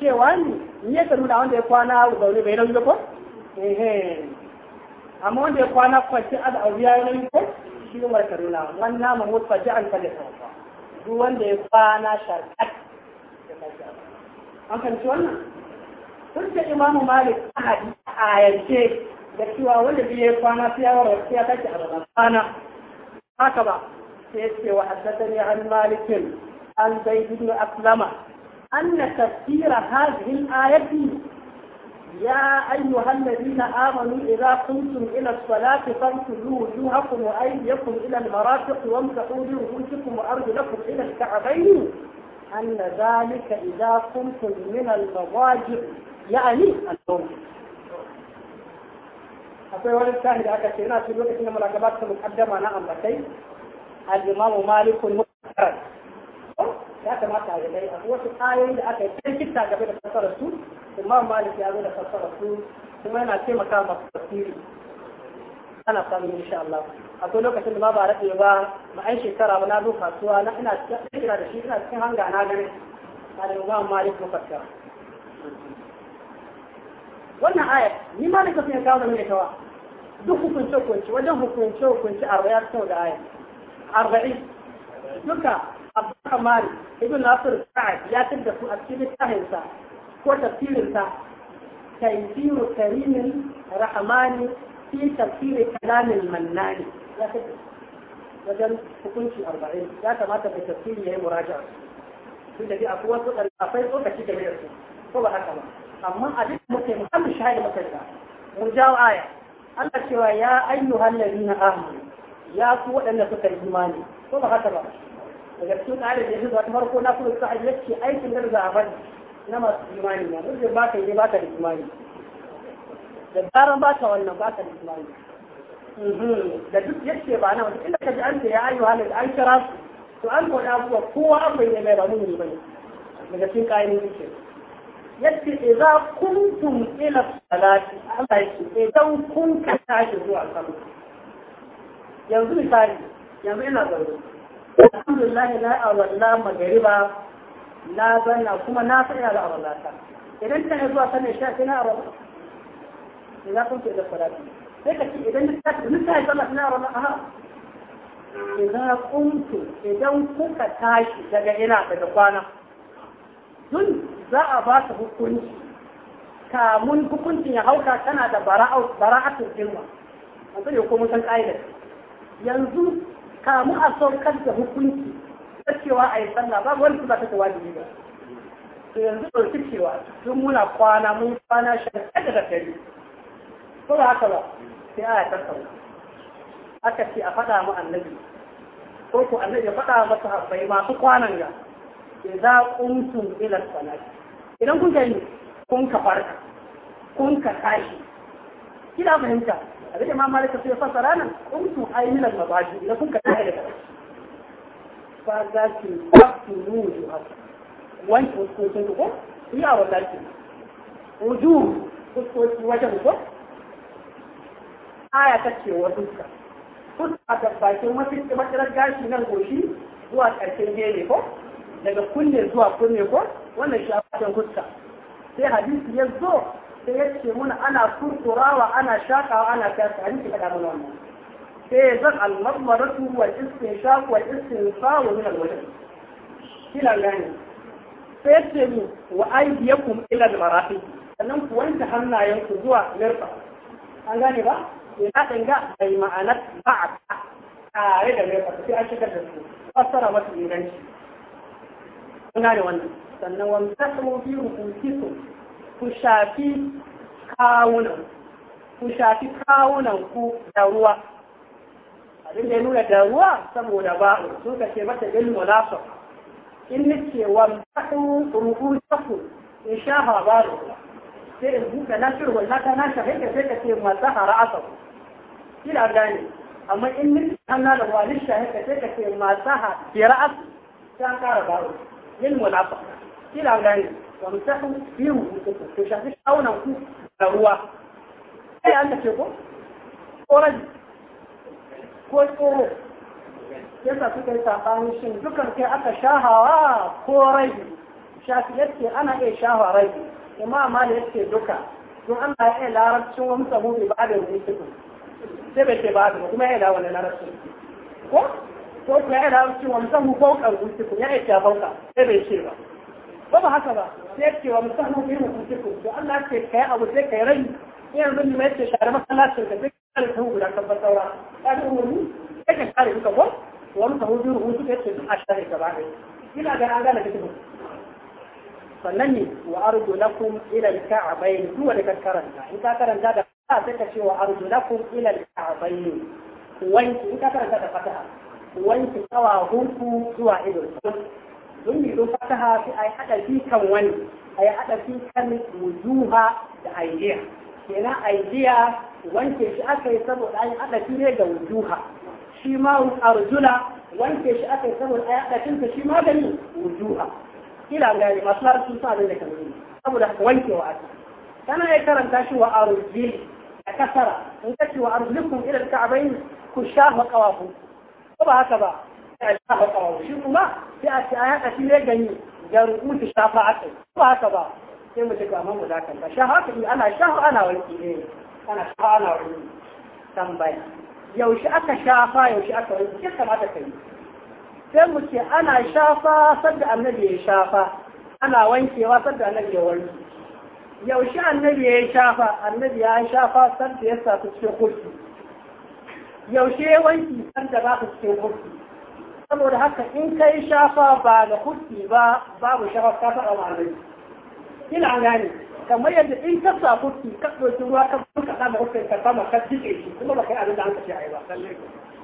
cewa ni ni ya nuna wanda ya kwana zaune bai nauyi ko amma wanda ya kwana kwanci a da ya nauyi ko shi ne marka nuna wannan mun mutu kwanci an kalle ta duk wanda ya kwana sharkat an kanci wannan sun ce imamu malik ahadi a yanke da cewa wanda bai ya kwana sai ya sai ya tashi a gaban kwana haka ba sai ya ce wa an malikin an zaid ibn aslama أن تفسير هذه الآية يا أيها الذين آمنوا إذا قمتم إلى الصلاة فاغسلوا وجوهكم وأيديكم إلى المرافق وامسحوا برؤوسكم وأرجلكم إلى الكعبين أن ذلك إذا قمتم من المضاجع يعني أنتم أقول ولد tsari da aka ce yana cikin lokacin da mulakabat sun mukaddama na ambatai ya kamata a gani a wasu ayoyi da aka yi kitta game da fassarar su imam malik ya zo da fassarar su kuma yana taimaka masu tafsiri ana samun insha Allah akwai lokacin da ma ba rafe ba ma ai shekara ba na zo kasuwa na ina kira da shi ina cikin hanga na gani na da imam malik mufassar wannan aya ni ma ne ka fiye kawo da mai kawa duk hukunce hukunce wajen hukunce hukunci arba'in ya fito da aya arba'in duka abdurrahman ibn nasir sa'ad ya da su a cikin littafinsa ko tafsirinsa tafsiru karimin rahmani fi tafsiri kalamin mannani ya da wajen hukunci arba'in ya kamata da tafsiri ya yi muraja'a tun da bi akwai wasu ɗalafai tsokaci da biyar su ko ba haka ba amma a duk muke muhammad shahid makarta mu jawo aya Allah cewa ya ayyuhan ladina amanu ya su waɗanda suka yi imani ko ba haka ba daga cikin ƙarin da zuwa farko na kuma sa'ad ya ce aikin da za a bani na masu imani na rujin ba ka yi ba ka da imani da zaran ba ka wannan ba ka da imani mhm. da duk yake ba na wata inda ka ji an ce ya ayyu halin an kira su to an faɗa abubuwa kowa an bayyana mai ba mun ba ne daga cikin ƙarin yake yadda idza kuntum ila salati Allah yake idan kun ka tashi zuwa sallah yanzu misali yanzu ina zaune alhamdulillah na awalla magariba na zanna kuma na san ina da awallata idan ta zuwa sanin sha sai na awalla ne za kun da salati sai ka ce idan ta ta nisa ya sallah na awalla aha idan kuntu idan kuka tashi daga ina daga kwana dun za a ba ta hukunci kamun hukuncin ya hauka tana da bara'atul jilma a ko mun san ka'idar yanzu kamu a son da hukunci ta cewa a yi sallah babu wani su ba ta wajibi ba to yanzu ɗauki cewa tun muna kwana mun kwana shan kada da dare ko ba haka ba sai a yata sau aka ce a faɗa mu annabi ko ku annabi ya faɗa masu habbai masu kwanan ga za qumtum ilar sanari idan kun gani kun ka farka kun ka tashi kina fahimta abin da ma malika sai fasara nan kuntu ai min al-mabaji na kun ka tare da fa za ki tabtunu haka wani kuskokin ko wani yi a wallahi wuju kuskoki wajen ko aya ta ce wa duka a da bakin mafi matsalar gashi nan goshi zuwa ƙarshen gene ko daga kunne zuwa kunne ko wannan shi a fuska sai hadisi ya zo sai yace muna ana kurkurawa ana shakawa ana kyasa a nake kada mana wannan sai zan almarmaratu wal istinshaq wal istinfa wa min alwajh kila gani sai ce mu wa kuma ila marafi sannan ku wanke hannayenku zuwa mirfa an gane ba ina danga bai ma'anar ba'a tare da mirfa sai an shigar da su fassara masu inganci an gane wannan sannan wani ta samu fi su ku shafi kawunan ku shafi kawunan ku da ruwa abin da ya nuna da ruwa saboda ba'u su ka ce mata bil munasab in nake wa ba'u ruhutaku in sha ha ba ruwa sai in buɗe na shirwa na ta nasha haika ka sai ka ce mata shi da gane amma in nake hannu da ruwa nisha haika sai ka ce mata hara'asa ta kara ba'u bil shi da gane wani tafi biyu rubutu to shafi shawunan ku da ruwa sai an tace ko tsoron ko tsoro yasa suka yi saɓanin shin dukan kai aka shahawa ko rai shafi yake ana iya shahawa rai amma mali yake duka don an ya iya larabcin wani sabu bai ba da rubutu sai bai ce ba da kuma ya da wani larabcin ko ko kuma ya da wani sabu ko kan rubutu ya iya shafauka sai bai ce ba ba ba haka ba sai ce wa bai mutum to Allah ce kai abu sai kai rai sai yanzu ni mai ce share masallacin ka sai kare ta guda kan basaura ka ji umarni sai ka kare duka ko wani ta hudu rubutu ya ce a share gaba ɗaya ina ga an gane kitabun sannan ne wa arju lakum ila al-ka'bayn duk wanda ka karanta in ka karanta da fata sai ka ce wa arju lakum ila al-ka'bayn wanki in ka karanta da fata wanki tsawahunku zuwa idul sun yi don ta hafi a yi haɗa fi kan wani a yi haɗa fi kan wujuha da aidiya kenan aidiya wanke shi aka yi saboda an haɗa fi ne da wujuha shi ma arjula wanke shi aka yi saboda an haɗa fi shi ma da ni wujuha ila gani masu har sun sa da kamar saboda haka wankewa aka kana ya karanta shi wa arjuli a kasara in ka kace wa arjulikum ila alka'bayn ku shafa qawafu ko ba haka ba shi kuma sai a ce a yaɗa shi ne gani ga rubutu shafa a kai ba haka ba sai mu shiga mu da kan ba shafa ana shafa ana warki ne ana shafa ana warki tambaya yaushe aka shafa yaushe aka warki ya kamata kai sai mu ce ana shafa sadda annabi ya shafa ana wankewa sadda annabi ya warki yaushe annabi ya shafa annabi ya shafa sadda ya sa su cikin kurki yaushe ya wanki sadda ba su cikin kurki saboda haka in ka yi shafa ba da kuɗi ba babu shafa ka faɗa wa alai ina gane kamar yadda in ka sa kuɗi ka ɗauki ruwa ka buka ɗan da ka sama ka jiƙe shi kuma ba kai abin da an kashe yi ba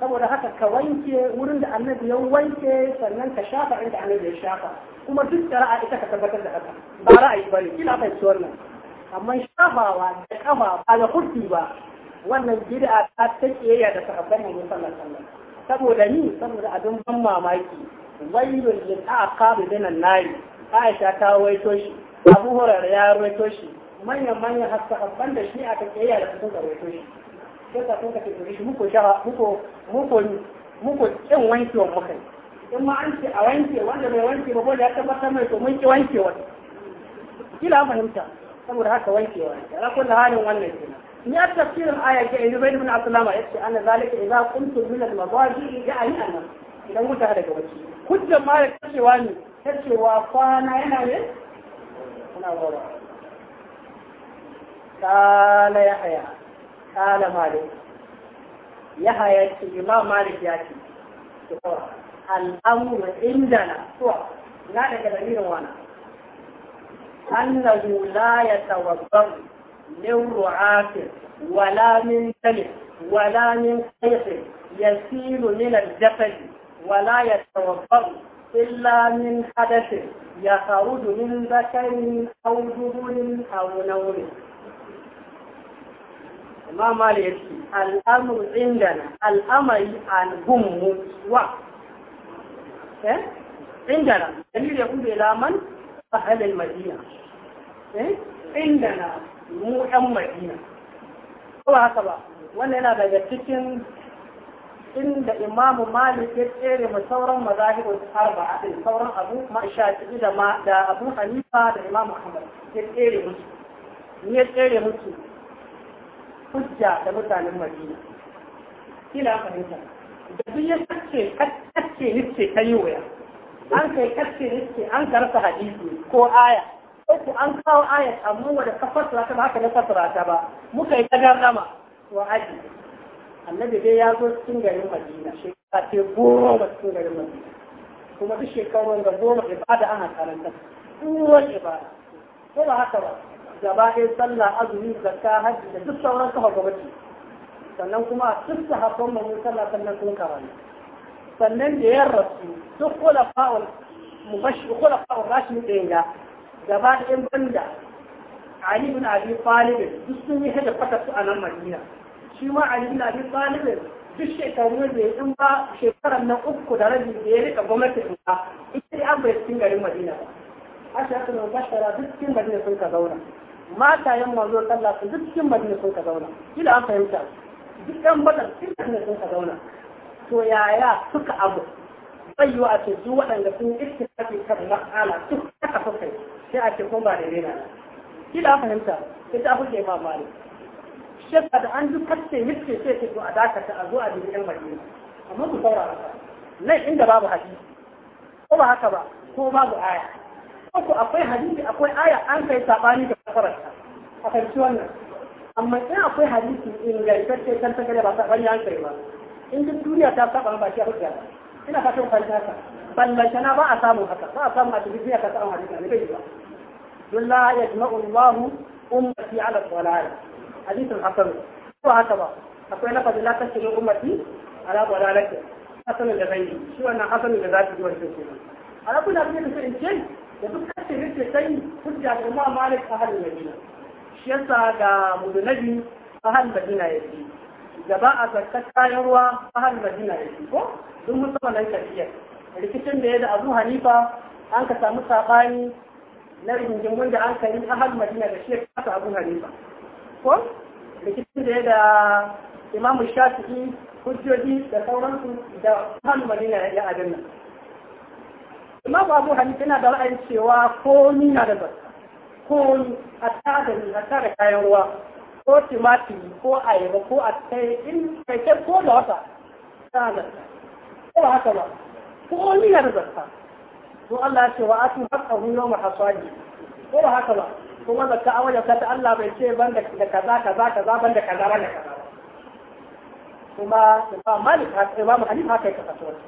saboda haka ka wanke wurin da annabi ya wanke sannan ka shafa inda annabi ya shafa kuma duk da ra'a ita ka tabbatar da haka ba ra'ayi ba ne ina fahimci wannan amma shafawa da kafa ba da kuɗi ba wannan gida ta take da sahabban manzon sallallahu alaihi wasallam saboda ni saboda abin ban mamaki wailun ta a min an-nari Aisha ta waito shi Abu Hurairah ya waito shi manyan manyan hasaban da shi aka kiyaye da sun waito shi sai ka tunka ce shi muko shawa muko muko muko kin wankewa in ma an ce a wanke wanda mai wanke ba ko da ya tabbatar mai to mun ki wankewa kila fahimta saboda haka wankewa ne ala kullu halin wannan kenan ya tafsirin ayar ke ibn ibn aslam ya ce anna zalika idza qumtum min al-madaji ya'ni anna idan kun kuka daga wacce hujjar ma da cewa ne cewa kwana yana ne kuna gora kala haya kala malik ya haya ce imam malik ya ce al'amuru indana to na daga dalilin wana annahu la yatawabbaru من رعاة ولا من تلف ولا من قيح يسيل من الجسد ولا يتوفر إلا من حدث يخرج من ذكر أو جبل أو نور ما مالك الأمر عندنا الأمر عن هم و عندنا دليل يقول إلى من أهل المدينة عندنا mu ɗan madina ko haka ba wannan yana daga cikin inda imamu malik ya tsere mu sauran mazahibin arba a sauran abu ma shafi'i da ma da abu hanifa da imam muhammad ya tsere musu ni ya tsere musu hujja da mutanen madina kila fahimta da duk ya kace kace nice kai waya an kai kace ce an karsa hadisi ko aya wasu an kawo ayat amma wanda ka fasara ta ba haka na fasara ta ba muka yi tagar nama wa aji annabi dai ya zo cikin garin madina shekara ce goma cikin garin madina kuma duk shekarun da goma ibada ana karanta tsuwon ibada ko ba haka ba gaba ɗaya sallah azumi zakka hajji da duk sauran kafa gwamnati sannan kuma duk sahabban mu sallah sannan sun karanta sannan da ya rasu duk kula fa'ul mubashi kula fa'ul rashin ɗaya gaba ɗayan banda Ali bin Abi Talib duk sun yi hada fata su a nan Madina shi ma Ali bin Abi Talib duk shekaru da yan ba shekaran nan uku da rabi da ya rika gwamnatin ba ita dai an bai cikin garin Madina ba ashe ta nan bashara duk cikin Madina sun ka zauna matayen mazo Allah su duk cikin Madina sun ka zauna kila an fahimta duk ɗan bada cikin Madina sun ka zauna to yaya suka abu bayyo a ce duk waɗanda sun yi ittifaqi kan mas'ala duk aka fuskanta sai a ce kuma ba da rena kila fahimta ita kuke ma mali shekka da an duk kace miske sai ce to a dakata a zo a dubi yan madina amma ku saurara nan inda babu hadisi ko ba haka ba ko babu aya ko akwai hadisi akwai aya an kai sabani da kafarta a fahimci wannan amma in akwai hadisi ingantacce kan ta gare ba ta bari an kai ba in duk duniya ta saba ba shi hujja ina fatan fahimta ka ballantana ba a samu haka ba a samu a cikin duniya ka samu hadisi ne bai ba don la yajma'u Allah ummati ala dalal hadithun hasan ko haka ba akwai lafazi la tashiru ummati ala dalalati hasan da bai shi wannan hasan da zaki ji wannan shi ala kullu abin da in ce da duk kace ne sai hujja da Imam Malik ahlul Madina shi yasa ga mudunabi ahlul Madina yake gaba a zakar kayan ruwa ahlul Madina yake ko duk musamman nan rikicin da ya da Abu Hanifa an samu na rigingimun wanda an kari a har madina da shi kasa abu hanifa ko rikicin da ya da imam shafi'i hujjoji da sauransu da har madina ya abin nan imam abu hanifa yana da ra'ayin cewa komi na da zarta komi a tada a tada kayan ruwa ko timatiri ko ayaba ko a kai in kai ko da wata ta zarta ko ba haka ba komi na da zarta to Allah ya ce wa atu haqqahu yawma hasadi ko ba haka ba kuma zakka a wajen ta Allah bai ce ban da kaza kaza kaza ban da kaza ban da kaza kuma Imam Malik mu Hanif haka ya kasance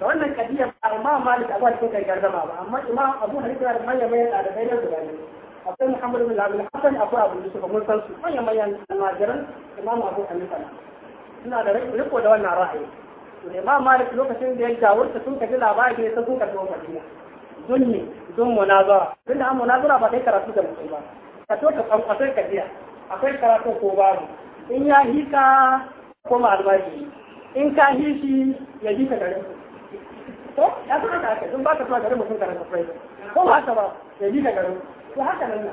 da wannan kadiya Imam Malik abu ne kai gardama ba amma Imam Abu Hanif da manyan manyan da bayan da bayan akwai Muhammadu bin Abdul hasan akwai Abu Yusuf mun san su manyan manyan majaran Imam Abu Hanif ina da riko da wannan ra'ayi to imam malik lokacin da ya shawarta sun kaji labari ne sun kaji madina don ne don munazara tun da an munazara ba kai karatu da mutum ba ka to ka kwankwatar ka biya akwai karatu ko babu in ya hika koma albashi in ka hishi ya ji ka garin to ya suka ka aka don ba ka zuwa garin mutum karanta frai ko haka ba ya ji ka garin ko haka nan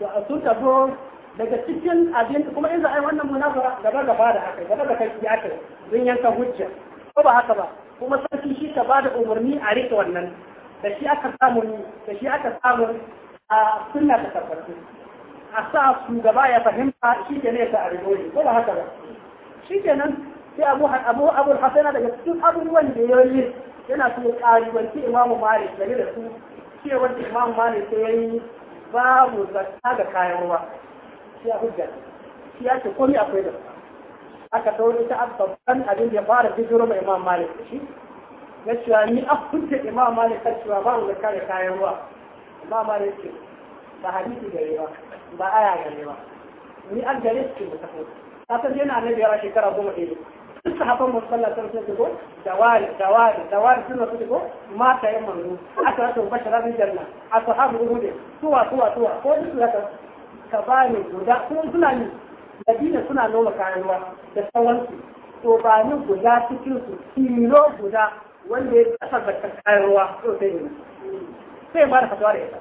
to a sun tafi daga cikin abin kuma in za a yi wannan munazara gaba gaba da haka gaba da kai aka don yanka hujja ko ba haka ba kuma sarki shi ka bada umarni a rike wannan da shi aka samu da shi aka samu a sunna ta tabbatu a sa su gaba ya fahimta shi ke ne ta arigoji ko ba haka ba shi ke nan sai abu abu abu hasana daga cikin abubuwan da ya yi yana so ya ƙalubalci imamu malik da da su cewar imamu malik sai ya yi babu zakka ga kayan ruwa shi ya hujja shi ya ce komai akwai da aka tauri ta abban abin da fara bijiro mai imam malik shi na cewa ni a hujja imam malik kan cewa ba mu da kare kayan ruwa imam malik ce ba hadisi gare ba ba aya gare ba ni an gare su ce mu tafi ta san yana annabi ya shekara goma ɗaya duk sahabban musallar sun sun shigo dawari dawari dawari sun sun shigo mata yan manzo aka rasa bashara bin janna ashabu uhud suwa suwa suwa ko duk zaka ka ba guda sun suna ne? madina suna noma kayan ruwa da sauransu to ba ni guda cikin su kilo guda wanda ya kasar da kayan ruwa to sai ne sai ba da fatawa da ita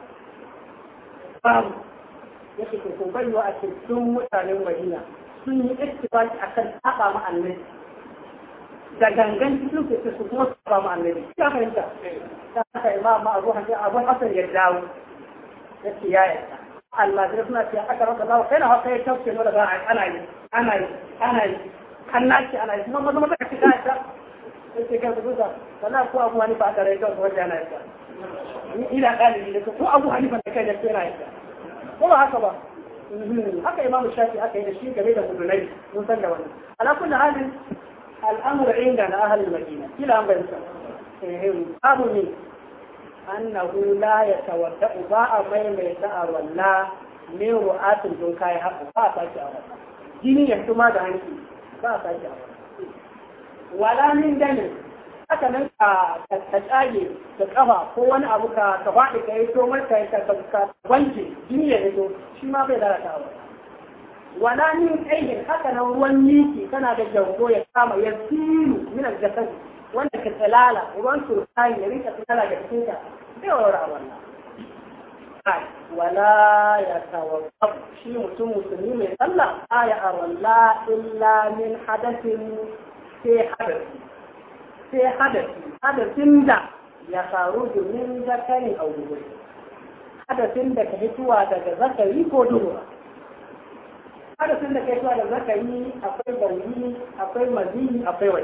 mu ya ce ko bai a cikin mutanen madina sun yi shi akan saba ma annabi da gangan cikin su su kuma saba ma annabi ya fahimta ta haka imam a abu hasan ya dawo ya ce ya yarda almajirai suna cewa aka rasa lawa sai na hausa ya tafke nuna ba ana yi ana yi ana yi an naci ana yi kuma maza maza ka ci ka ta sai ka zuba sannan ko abu wani ba ka rai kawai wajen yana yi ta ina ɗalibi ne ko abu hanifa da kai ne yana yi ko ba haka ba haka imam shafi aka yi da shi game da mudunai mun san da wannan ala kulli halin al'amru inda na ahlul madina kila an bayyana eh abu ne أنه la yatawadda'u ba a maimaita a walla min ru'atin don kai haka ba a sake a walla jini ya kuma ba a wala min haka nan ka tsage da kafa ko wani abu ka ka ka yi to marka ka ka wanke jini ya zo shi ma bai lalata a walla wala min aihin haka nan ruwan niki kana da jango ya kama ya filu minar jasar wanda ka tsalala ruwan turkani ya rika tsalala da cikin zai warware wannan wala ya shi mutum musulmi mai sallah aya arwalla illa min hadathin sai sai hadathi hadathin da ya faru domin zakari a wuri hadathin da ka hituwa daga zakari ko duhuwa hadathin da ka hituwa daga zakari akwai bari akwai akwai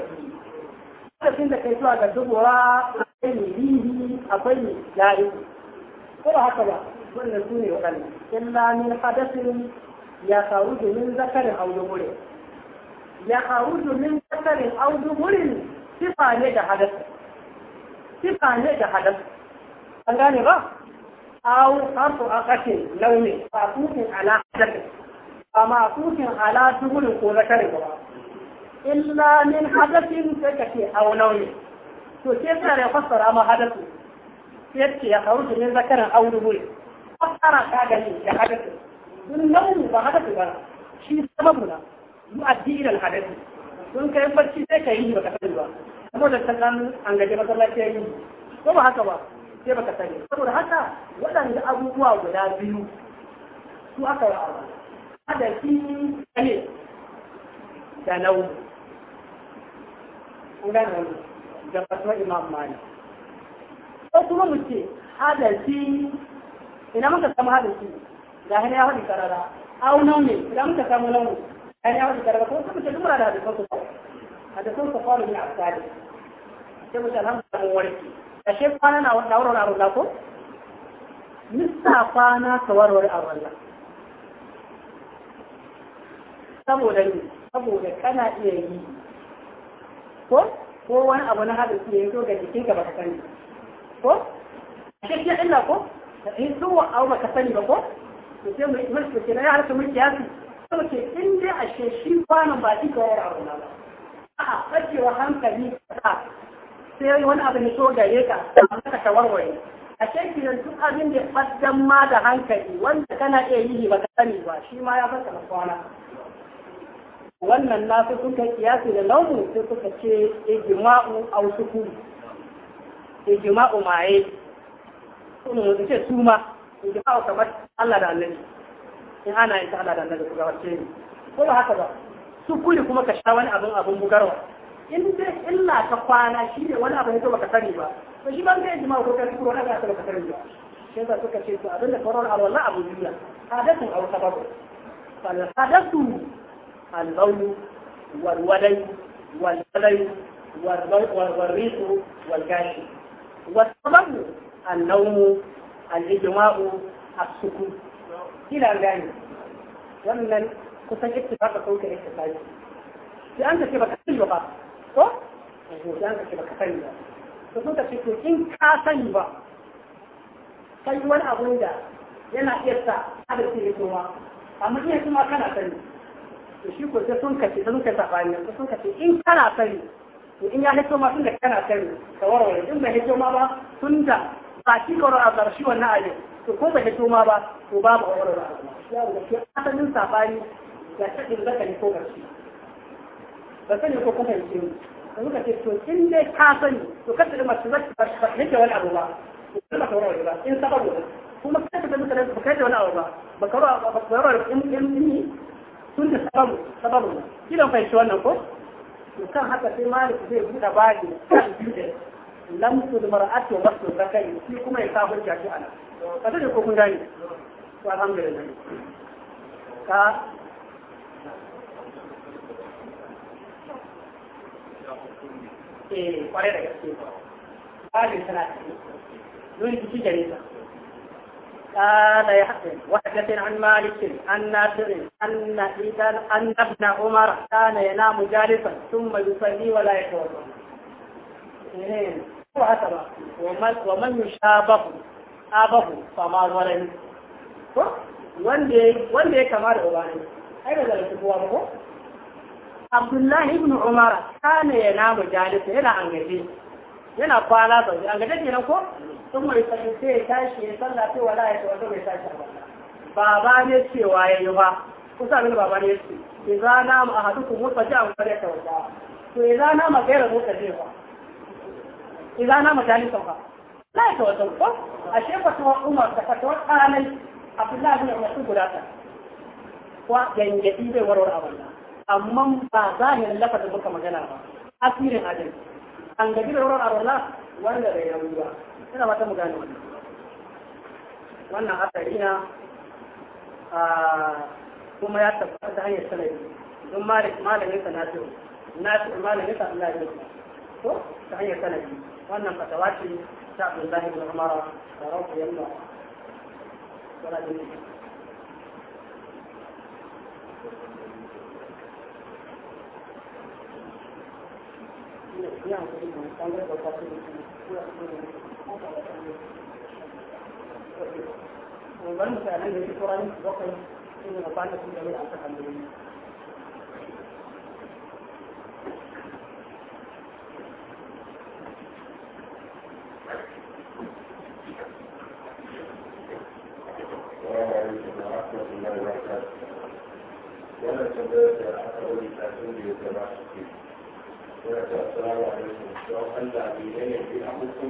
da ka daga duhuwa akwai ne yayi ko ba haka ba wannan su ne waɗannan illa min hadasin ya faru min zakarin audugure ya faru min zakarin audugurin sifa ne da hadasin sifa ne da hadasin an gane ba aw a aqatin launi ba kutin ala hadasin ba ma kutin ala dugurin ko zakarin ba illa min hadasin sai ka ce aw launi to sai suna da fassara ma hadasu sai ya faru da ne zakaran aure ne fassara ta gani da hadasu sun launi ba hadatu ba shi sababu na mu'addin al hadasu sun kai barci sai ka yi baka sani ba da sannan an gaje masallaci ya yi ko ba haka ba sai ba ka sani saboda haka waɗanda abubuwa guda biyu su aka yi aure hadasi ne da launi an da fatuwar imam mali ko kuma mu ce hadasi ina muka samu hadasi ga hana ya faɗi karara aunau ne ina muka samu launi ga hana ya faɗi karara ko kuma ce duk muna da hadisan su hadisan su kwallo ne a tsari sai mu ce alhamdulillah mun warke ce kwana na warware a rulla ko nista kwana ka warware a rulla saboda ne saboda kana iya yi ko ko wani abu na haɗin su ya ga jikin ka baka sani ko shi shi illa ko in sun wa abu baka sani ba ko to sai mu yi mulki ke na ya su mulki ya fi saboda ke in dai a shi kwanan ba shi kawai abu na ba a'a fakewa hankali ka sai wani abu ne so gare ka amma ka shawarware a shekinan yanzu abin da ya faddan ma da hankali wanda kana iya yi ba ka sani ba shi ma ya fasa kwana wannan nasu suka kiyasi da launin su suka ce ijma'u au sukuri ijma'u maye sun wasu ce su ma ijma'u kamar Allah da Annabi in ana yin ta Allah da Annabi ku gabace ne ko ba haka ba sukuri kuma ka sha wani abin abin bugarwa in dai illa ka kwana shi ne wani abin da baka sani ba to shi ban ga ijma'u ko ka sukuri wani abin da baka sani ba sai da suka ce to abin da faruwar alwala abu biya hadatun au sababu fal hadathu البول والولي والولي والريح والكاشي والسبب النوم الإجماع السكون إلى الآن wannan kusan ittifaka ko ka ittifaki sai an tafi baka sani ba ko sai an tafi baka sani ba to sun tafi to in ka sani ba kai wani abu da yana iya sa abin da ke amma iya kuma kana sani to shi ko sai sun kace sun kace sabani sun kace in kana sani to in ya hito ma tun da kana sani ka warware in bai hito ma ba tun da ba shi karo a zarshi wannan aje to ko bai hito ma ba to babu warware ba shi ya ga asalin sabani ga tadin zaka ne ko garshi ba sani ko kuma yake ni da muka ce to in dai ka sani to kada da mace zaka ba nake wani abu ba to ba ka warware ba in sababu kuma kada da mutane ba kai da wani abu ba ba ka warware in in tun da sababu sababu ne kila fahimci wannan ko kan haka sai malik zai buɗe baji kan biyu lamsu da mar'atu wasu zakari shi kuma ya sa hujja shi ana ka sani ko kun gani to alhamdulillah ka eh kware da gaske ba ne sana ta yi don ki gare ta قال يحسن وحدة عن مالك عن ناصر أن إذا أن ابن عمر كان ينام جالسا ثم يصلي ولا يتوضأ. وهكذا ومن ومن يشابه أبه فما ظلم. wanda wanda ya kama da ubani ai da zarafi kowa ba Abdullahi ibn Umar kana yana mujallisa yana angaje yana kwana zaune angaje kenan ko sun mai sani sai ya tashi ya sallah sai wala ya tawadda bai tashi baba ne cewa ya yi ba kusa abin baba ne ce idza nama ahadukum mutaja'a fa ya tawadda to idza nama gaira mutaja'a fa idza nama tani sauka la ya tawadda ko ashe fa to umar ta fa to kanai abdullahi bin umar sun gudata wa gangadi bai warware abin amma ba zahirin lafazin muka magana ba asirin adalci an gaji da wuraren abin wanda bai rauni ba ina ba ta mu gane wannan wannan asali na kuma ya tabbata ta hanyar sanadi don malamin sa nasiru nasiru malamin sa Allah ya ko ta hanyar sanadi wannan fatawa ce ta Abdullahi ibn Umar da rawu yalla wala din Yeah, I'm going to go to the ومن فعلا يذكر أن وقل إن وقعنا في wata tsara sarki da na kama san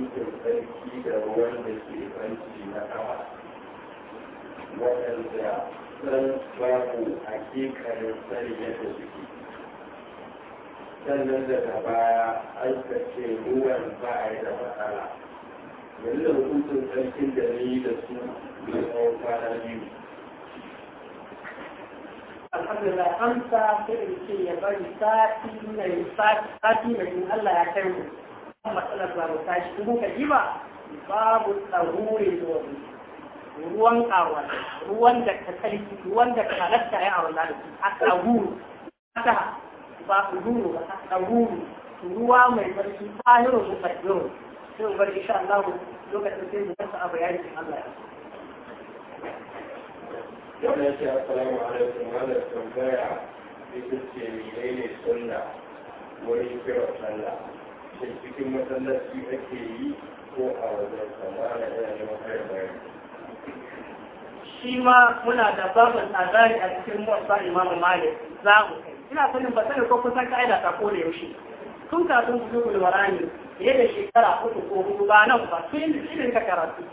babu yadda sannan daga baya an kace ruwan ba da matsala yanzu da hukuncin sarkin da na da su mai tsawon kwana biyu alhamdulillah amsa sai in ce ya bari sati na yi sati na in Allah ya kai mu matsalar ba mu tashi in kuka ji ba babu tsahuri da wani ruwan awal ruwan da ka kalki ruwan da ka halatta ya awal da su a tsahuru haka ba tsahuru ba a tsahuru ruwa mai barci tahiru mu fadiru sai mu bar insha Allah lokacin sai mu kasa a bayanin Allah ya so wannan shi assalamu alaikum wannan tambaya ita ce ne sunna wurin kira sallah shi cikin masallaci ake yi ko a wajen sallah na yana neman kai bayani shi ma muna da babban azari a cikin musa imamu malik za mu kai ina sanin ba sani ko kusan ka'ida ta ko da yaushe tun kafin su zuwa warani fiye da shekara uku ko hudu ba nan ba sun yi shirin ka karatu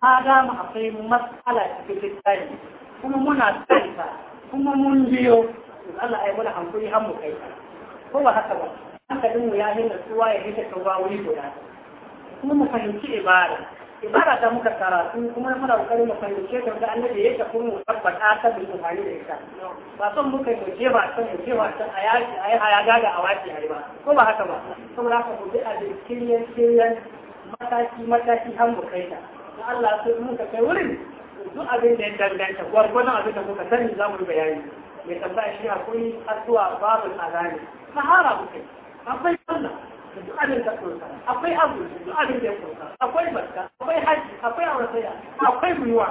ma mu akwai matsala cikin littafi kuma muna tsanta kuma mun biyo Allah ya mana hankuri har mu kai ko ba haka ba hankalin mu ya hinna suwa ya hinna tauba wuri guda kuma mu fahimci ibada ibada ta muka karatu kuma muna kokarin mu fahimce ta da Allah ya ta kuma tabbata ta mu buhari da ita ba son muka mu je ba son mu je ba san a yaki a haya gaga a waki a ba ko ba haka ba saboda za ka bi a da kiryan kiryan mataki mataki har mu kai ta Allah sai mun ka kai wurin duk abin da ya danganta gwargwadon abin da kuka sani za mu yi bayani mai tambaya shi akwai addu'a babu azani sahara muke akwai sallah duk abin da kuka akwai azumi duk abin da kuka akwai barka akwai haji akwai aurataya akwai buyuwa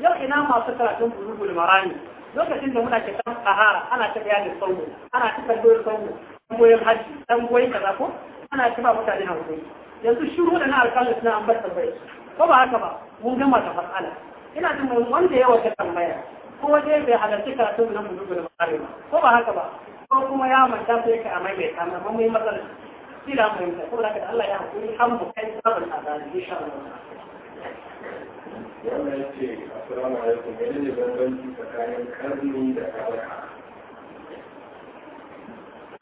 yau ina masu karatun bulugul marani lokacin da muna kitan sahara ana ta bayanin sauro ana ta kallo sauro tamboyin haji tamboyin kaza ko ana ta ba mutane hankali yanzu shiru da na alƙalin suna an bar tambayi ko ba haka ba mun gama da fasala ina jin wanda ya wata tambaya ko waje bai halarci karatun na mudu da bukari ba ko ba haka ba ko kuma ya manta su yake a maimaita amma mun yi matsalar shi da mu yanta ko da Allah ya hakuri an mu kai sabon azali insha Allah wannan ya ce assalamu alaikum yana ne bambanci tsakanin karni da karaka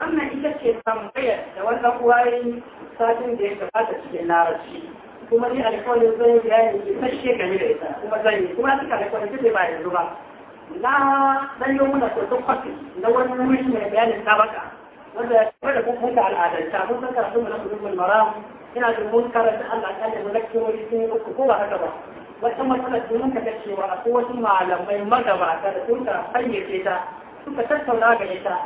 wannan ita ce tambayar da wannan uwayen satin da ya gabata cikin larabci kuma ni alƙawarin zai yi bayani isasshe game da ita kuma zai yi kuma suka alƙawarin duk ba yanzu ba na dan yi muna sosan kwafi na wani wuri mai bayanin tabaka wanda ya kuma da kuma al'adanta mun san karatu mu na kudin mara ina da mun karanta Allah ta da lakciyoyi sun yi uku ko ba haka ba wata matsalar da mun kaga cewa akwai wasu malamai magabata da sun ka fayyace ta suka tattauna ga ita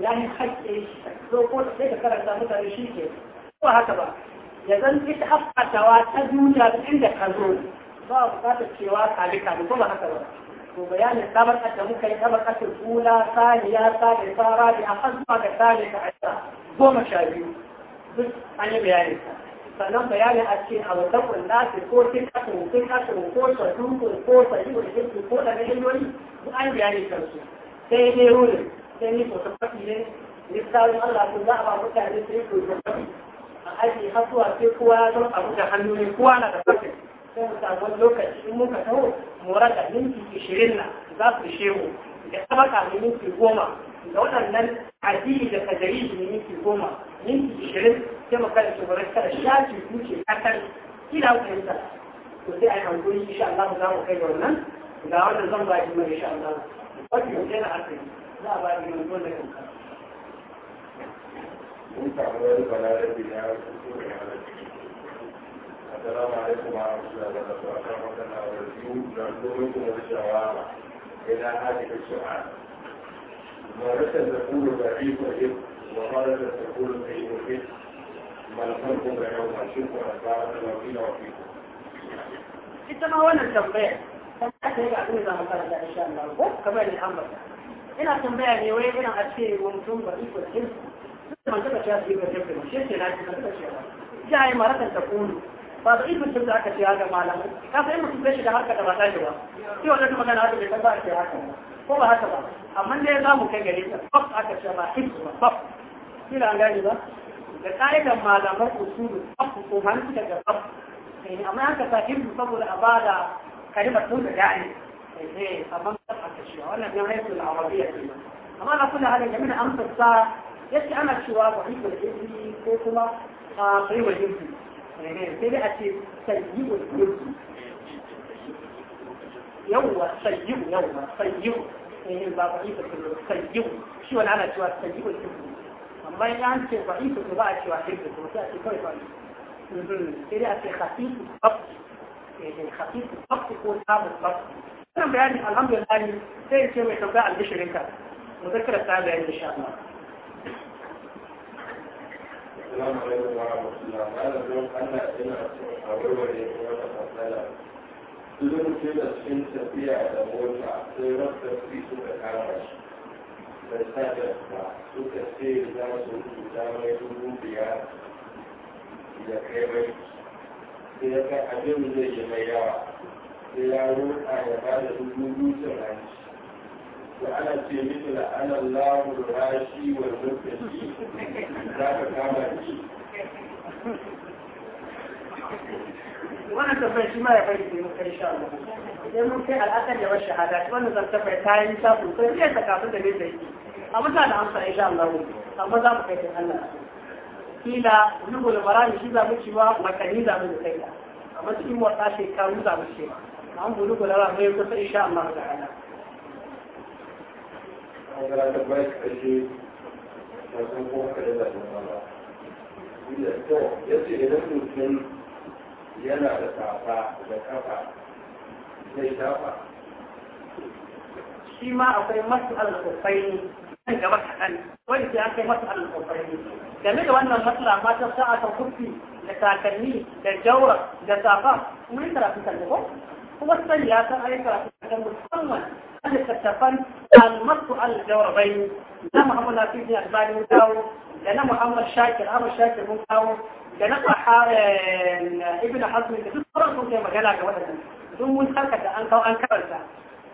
ya yi haƙƙe shi ko da sai ka karanta mutane shi ke ko haka ba ya zan ita haɓatawa ta duniya inda ka zo ba a buƙatar cewa kalika ne kuma haka ba to bayanin sabar da muka yi sabar ƙasar kula saniya sani sara da a zuwa ga sani ka aisa goma sha biyu duk an yi bayanin sannan bayanin a ce a wata kunda ce ko tin ƙasar sun ƙasar ko sadukun ko sadukun ko ko da miliyoyi duk an bayanin kansu sai dai rulin sai ni ko ta faɗi ne lissafin Allah kun za a ba mutane sai ko ta faɗi a aji har sai kowa ya zama abu da hannu ne kowa na da fasin sai mu samu wani lokaci in muka taho mu da minti ishirin na za su ishe mu da tabaka mu minti goma da waɗannan addini da kadari mu minti goma minti ishirin sai mu kada shugaban kada shafi kuce kasar kila fahimta to sai a yi hankali insha Allah za mu kai da wannan ga wanda zan ba shi mai insha Allah. Wato yana asiri za a ba shi mai wanda kan mun samu wani balarabi na kusa mai halittu assalamu alaikum wa rahmatullahi wa barakatuh akan magana wa review na domin kuma da shawara ila hadika su'al مرة تقول ضعيف الإبن ومرة تقول قيم الإبن ما الفرق بينهما شوف أخبار الوكيل وفيكم ita ma wannan tambaya kan aka yi abin da magana da insha Allah ko kamar da an ina tambaya ne wai ina a ce mutum ba iko da ilmi ما تكون فضيل من تبدأ كشياكة معلمة كافة إما تبليش جهار كتباتا جوا في وجهة مدن عادة بيتبع كشياكة هو بها كبا أما من ليه غامو كي قليل فقط أكشياكة حفظه فقط في لان جاي جدا لكالك معلمة أصول فقط فهم كجا فقط يعني أما أنك تاكيب مطبول أبادا كلمة تقول جاي إيه أما من تبقى كشياكة ولا بيهيس العربية كما أما أقول هذا جميل أمس الساعة يسي أنا شواء وحيب الهدي كوكما آه، قريب الهدي يعني تبعتي سيئو الهدي يوه سيئو يوه سيئو إنه بابا إيسا كله سيئو شواء أنا شواء سيئو الهدي أما يعني شواء إيسا كله شواء هدي وتأتي كيف أنه تبعتي خطيط الضبط خطيط الضبط يكون عام الضبط أنا بيعني الحمد لله سيئو يتبع المشرين كان مذكرة تعالى يعني إن شاء الله Assalamu alaikum wa rahmatullah. Malam don Allah ina son a warware matsala. Lokacin da cikin tafiya da mota sai rasta fi suka kama shi. Bai sa da ba suka ce za su rubuta mai dubu biyar ya kai Sai ya abin zai yi yawa. Sai ya ya ba da ana ce da la'anar lahul rashi wa mutane za ka kama ki wannan tafiya shi ma ya fari da muka insha Allah idan mun kai al'akar da wasu shahada wannan zan tabbai ta yi nisa sosai zai ta kafin da zai yi a mutane da amsa insha Allah amma za mu kai ta Allah kila da marami shi za mu ci wa makani za mu kai ta amma cikin wata shekaru za mu ce ma an da gulala mai kusa insha Allah Allah. kuma ta bai kashe da sun kuma kare da kuma ba wanda to ya ce idan mutum yana da safa da kafa zai shafa shi ma akwai masu mas'al kufai kan gaba kaɗan wani sai masu mas'al kufai game da wannan matsala ma ta a kan kufi da takalmi da jawar da safa mun karatu kan ko kuma sai ya san ayyuka kan musamman littattafan almasu aljawarbai na muhammad hafiz ne albani mun kawo da na muhammad shakir ahmad shakir mun kawo da na ibn hazmi da duk sauran sun kai magana ga waɗannan duk mun sarka da an kawo an karanta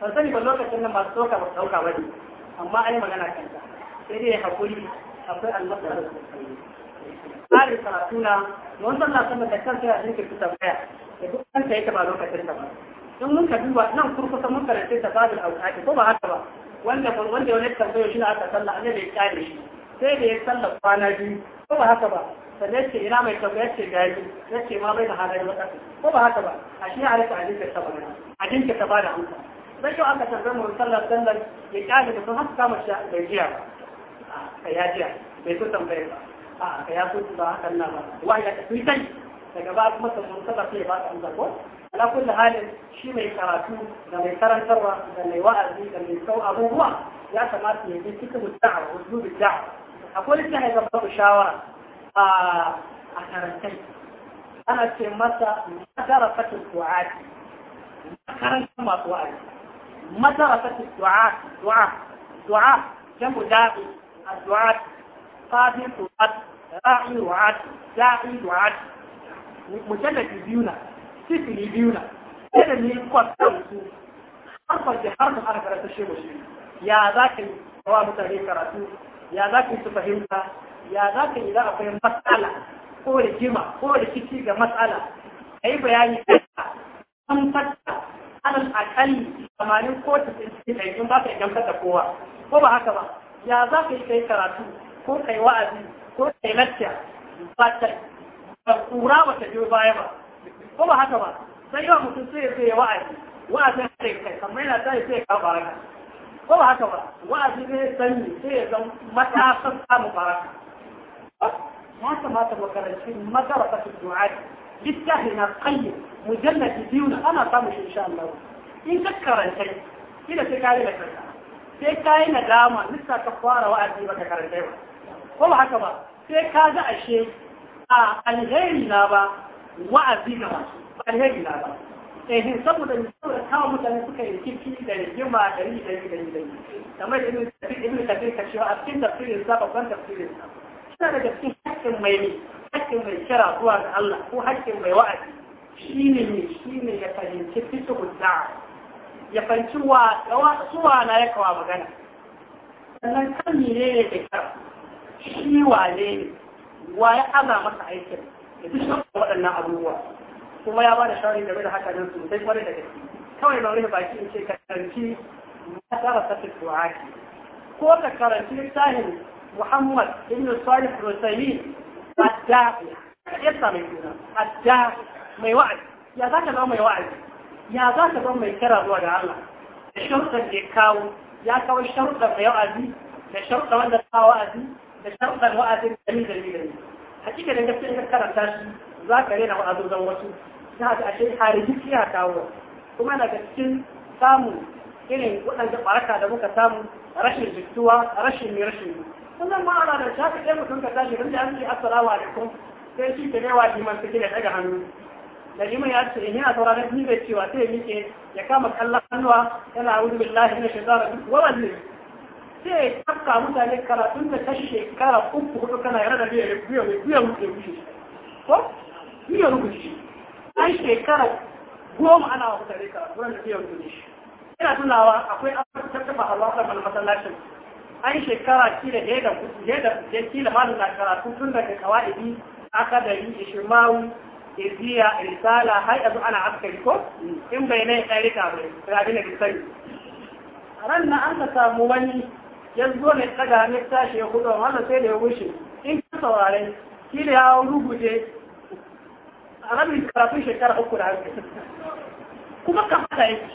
ban sani ba lokacin nan masu ɗauka ba ɗauka ba ne amma an yi magana kanta sai dai hakuri akwai almasu aljawarbai tsarin karatuna don sallah sama da kansa ya rinke su tambaya da duk kanta yake ba lokacin da ba in mun ka duba nan kurkusa mun karanta ta babul auqati ko ba haka ba wanda wanda wani tambayo shi na aka sallah annabi ya kare shi sai da ya sallah kwana biyu ko ba haka ba sai ce ina mai tambaya ce ga yi ya ce ma bai da halayen wata ko ba haka ba a shi a rufe ajinka ta bada ajinka ta bada amsa Sai yau aka tambaye mu sallah sallah ya kare da sun haka kama shi da jiya ba a ya jiya bai so tambaye ba a ka ya kuci ba hakan na ba wa ya tafi sai daga ba kuma sun sallar sai ba ta amsa ko ala kulli halin shi mai karatu da mai karantarwa da mai wa'azi da mai sau abubuwa ya kamata ya ji cikin da'ar hudu da da'ar akwai littafi ga babu shawara a karantai ana ce masa madarafatul du'ati makarantar masu wa'azi madarafatul du'a du'a du'a jamu da'i addu'at qadir du'at ra'i du'at da'i du'at mujallad biyu na sifili biyu na yadda ni kwatan su harfar da harfin ana karatu shi mu shi ya za ka yi wa mutane karatu ya za ka yi su fahimta ya za ka yi za a matsala ko da jima, ko da rikici ga matsala ka yi bayani kanka an fatta alal akalli tamanin ko tasirin ɗaiɗin ba ka idan da kowa ko ba haka ba ya za ka yi yi karatu ko kai wa'azi ko kai lacca ba ta ba kura ba ta biyo baya ba والله هكذا سيوم تصير في وعي وعي في طمينا تاي في أو بركة هو هكذا وعي في سني سيخ متى أخذها مباركة ما سمعت وكرة شيء ما درت في الدعاء بالسهل نقي مجنة ديون أنا طمش إن شاء الله إن ذكر شيء إلى سكاري لك سكاري نجامة لسه تقوار وعدي بك كرة هو هكذا سكاري أشيء أنغير نابا wa'azi ga masu alheri na ba eh saboda ne saboda kawo mutane suka yi kirki da rigima da yi da yi da yi da yi kamar da ibn kafir ibn kafir ka cewa a cikin tafsirin sa babban tafsirin sa suna daga cikin haƙƙin mai ne haƙƙin mai kira zuwa ga Allah ko haƙƙin mai wa'azi Shi ne shi ne ya fahimci fito da'a ya fahimci wa suwa na ya kawo magana sannan kan ne ne da kyau shi wa ne ne wa ya aza masa aikin da duk shan waɗannan abubuwa kuma ya ba da shawari game da haka nan sosai kwarai da gaske kawai ba wani baki in ce ka karanci masara sata tuwaki ko ka karanci littafin muhammad ibn salih rusaimin adda'i yadda mai A da mai wa'azi ya za ka zama mai wa'azi ya za ka zama mai kira zuwa ga Allah da sharuɗan da ya kawo ya kawo sharuɗan mai wa'azi da sharuɗan wanda ta wa'azi da sharuɗan wa'azin da ni. hakika da gaskiya ka karanta shi za ka rena wa'azuzan wasu na haka ashe harijici ya kawo kuma na daga cikin samun irin waɗanda baraka da muka samu rashin jituwa rashin mai rashin wannan ma ana da shafi ɗaya mutum ka tashi rinda an ce assalamu alaikum sai shi ke rewa liman suke da daga hannu da liman ya ce in yana sauraron ni da cewa sai mike ya kama kallon hannuwa yana wuri billahi na shaitan rajim wa sai ya tafka mutane karatun da ta shekara uku hudu kana yana da biyar biyar biyar rubuce ko biyar rubuce shi an shekara goma ana wa mutane karatu da biyar rubuce shi ina tunawa akwai abin tattaba halwasa mal masallacin an shekara kila da da da da kila malam na karatu tun daga kawaidi akadari ishimawu, iziya risala har yanzu ana askari ko in bai ne ta bai rabin da sani ran na an ka samu wani yanzu ne kada ne tashi ya kudu wanda sai da ya wuce in ka saurare shi da ya rubuce a rabin karatun shekara uku da hannu kuma ka fata yake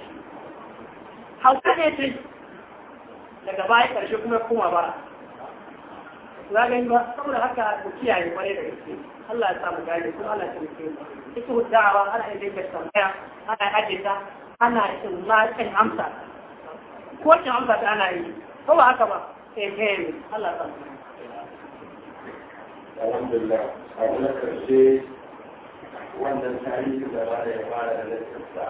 hauka ne ce daga baya karshe kuma kuma ba. za ga ba saboda haka ku kiyaye kwarai da gaske Allah ya samu gari kuma Allah ya taimake mu ita huddawa ana yin da tambaya ana ajiyata ana yin ma amsa ko cin amsa ta ana yi ko ba haka ba ehem eh. Allah ta alhamdulillah a wani karshe wannan tarihi da ba da ya fara da lantarsa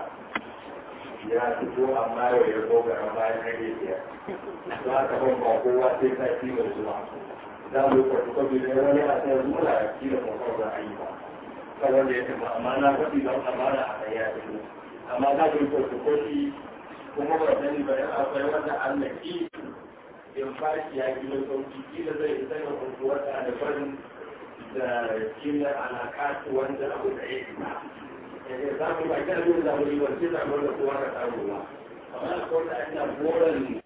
ya fito amma yau ya goga a bayan rage biya ka ban ba kowa sai ta kima zuwa za mu yi kwatakwabi da wani a sayar mula a kila kwatakwabi a yi ba kan wanda ya tafi amma na kwafi don amana a amma za yi kuma ba in fashi ya yi sauki kila zai isa na unguwarta da ban da kila alaƙa wanda abu da ba kira ce da kowa ka samu amma da da boran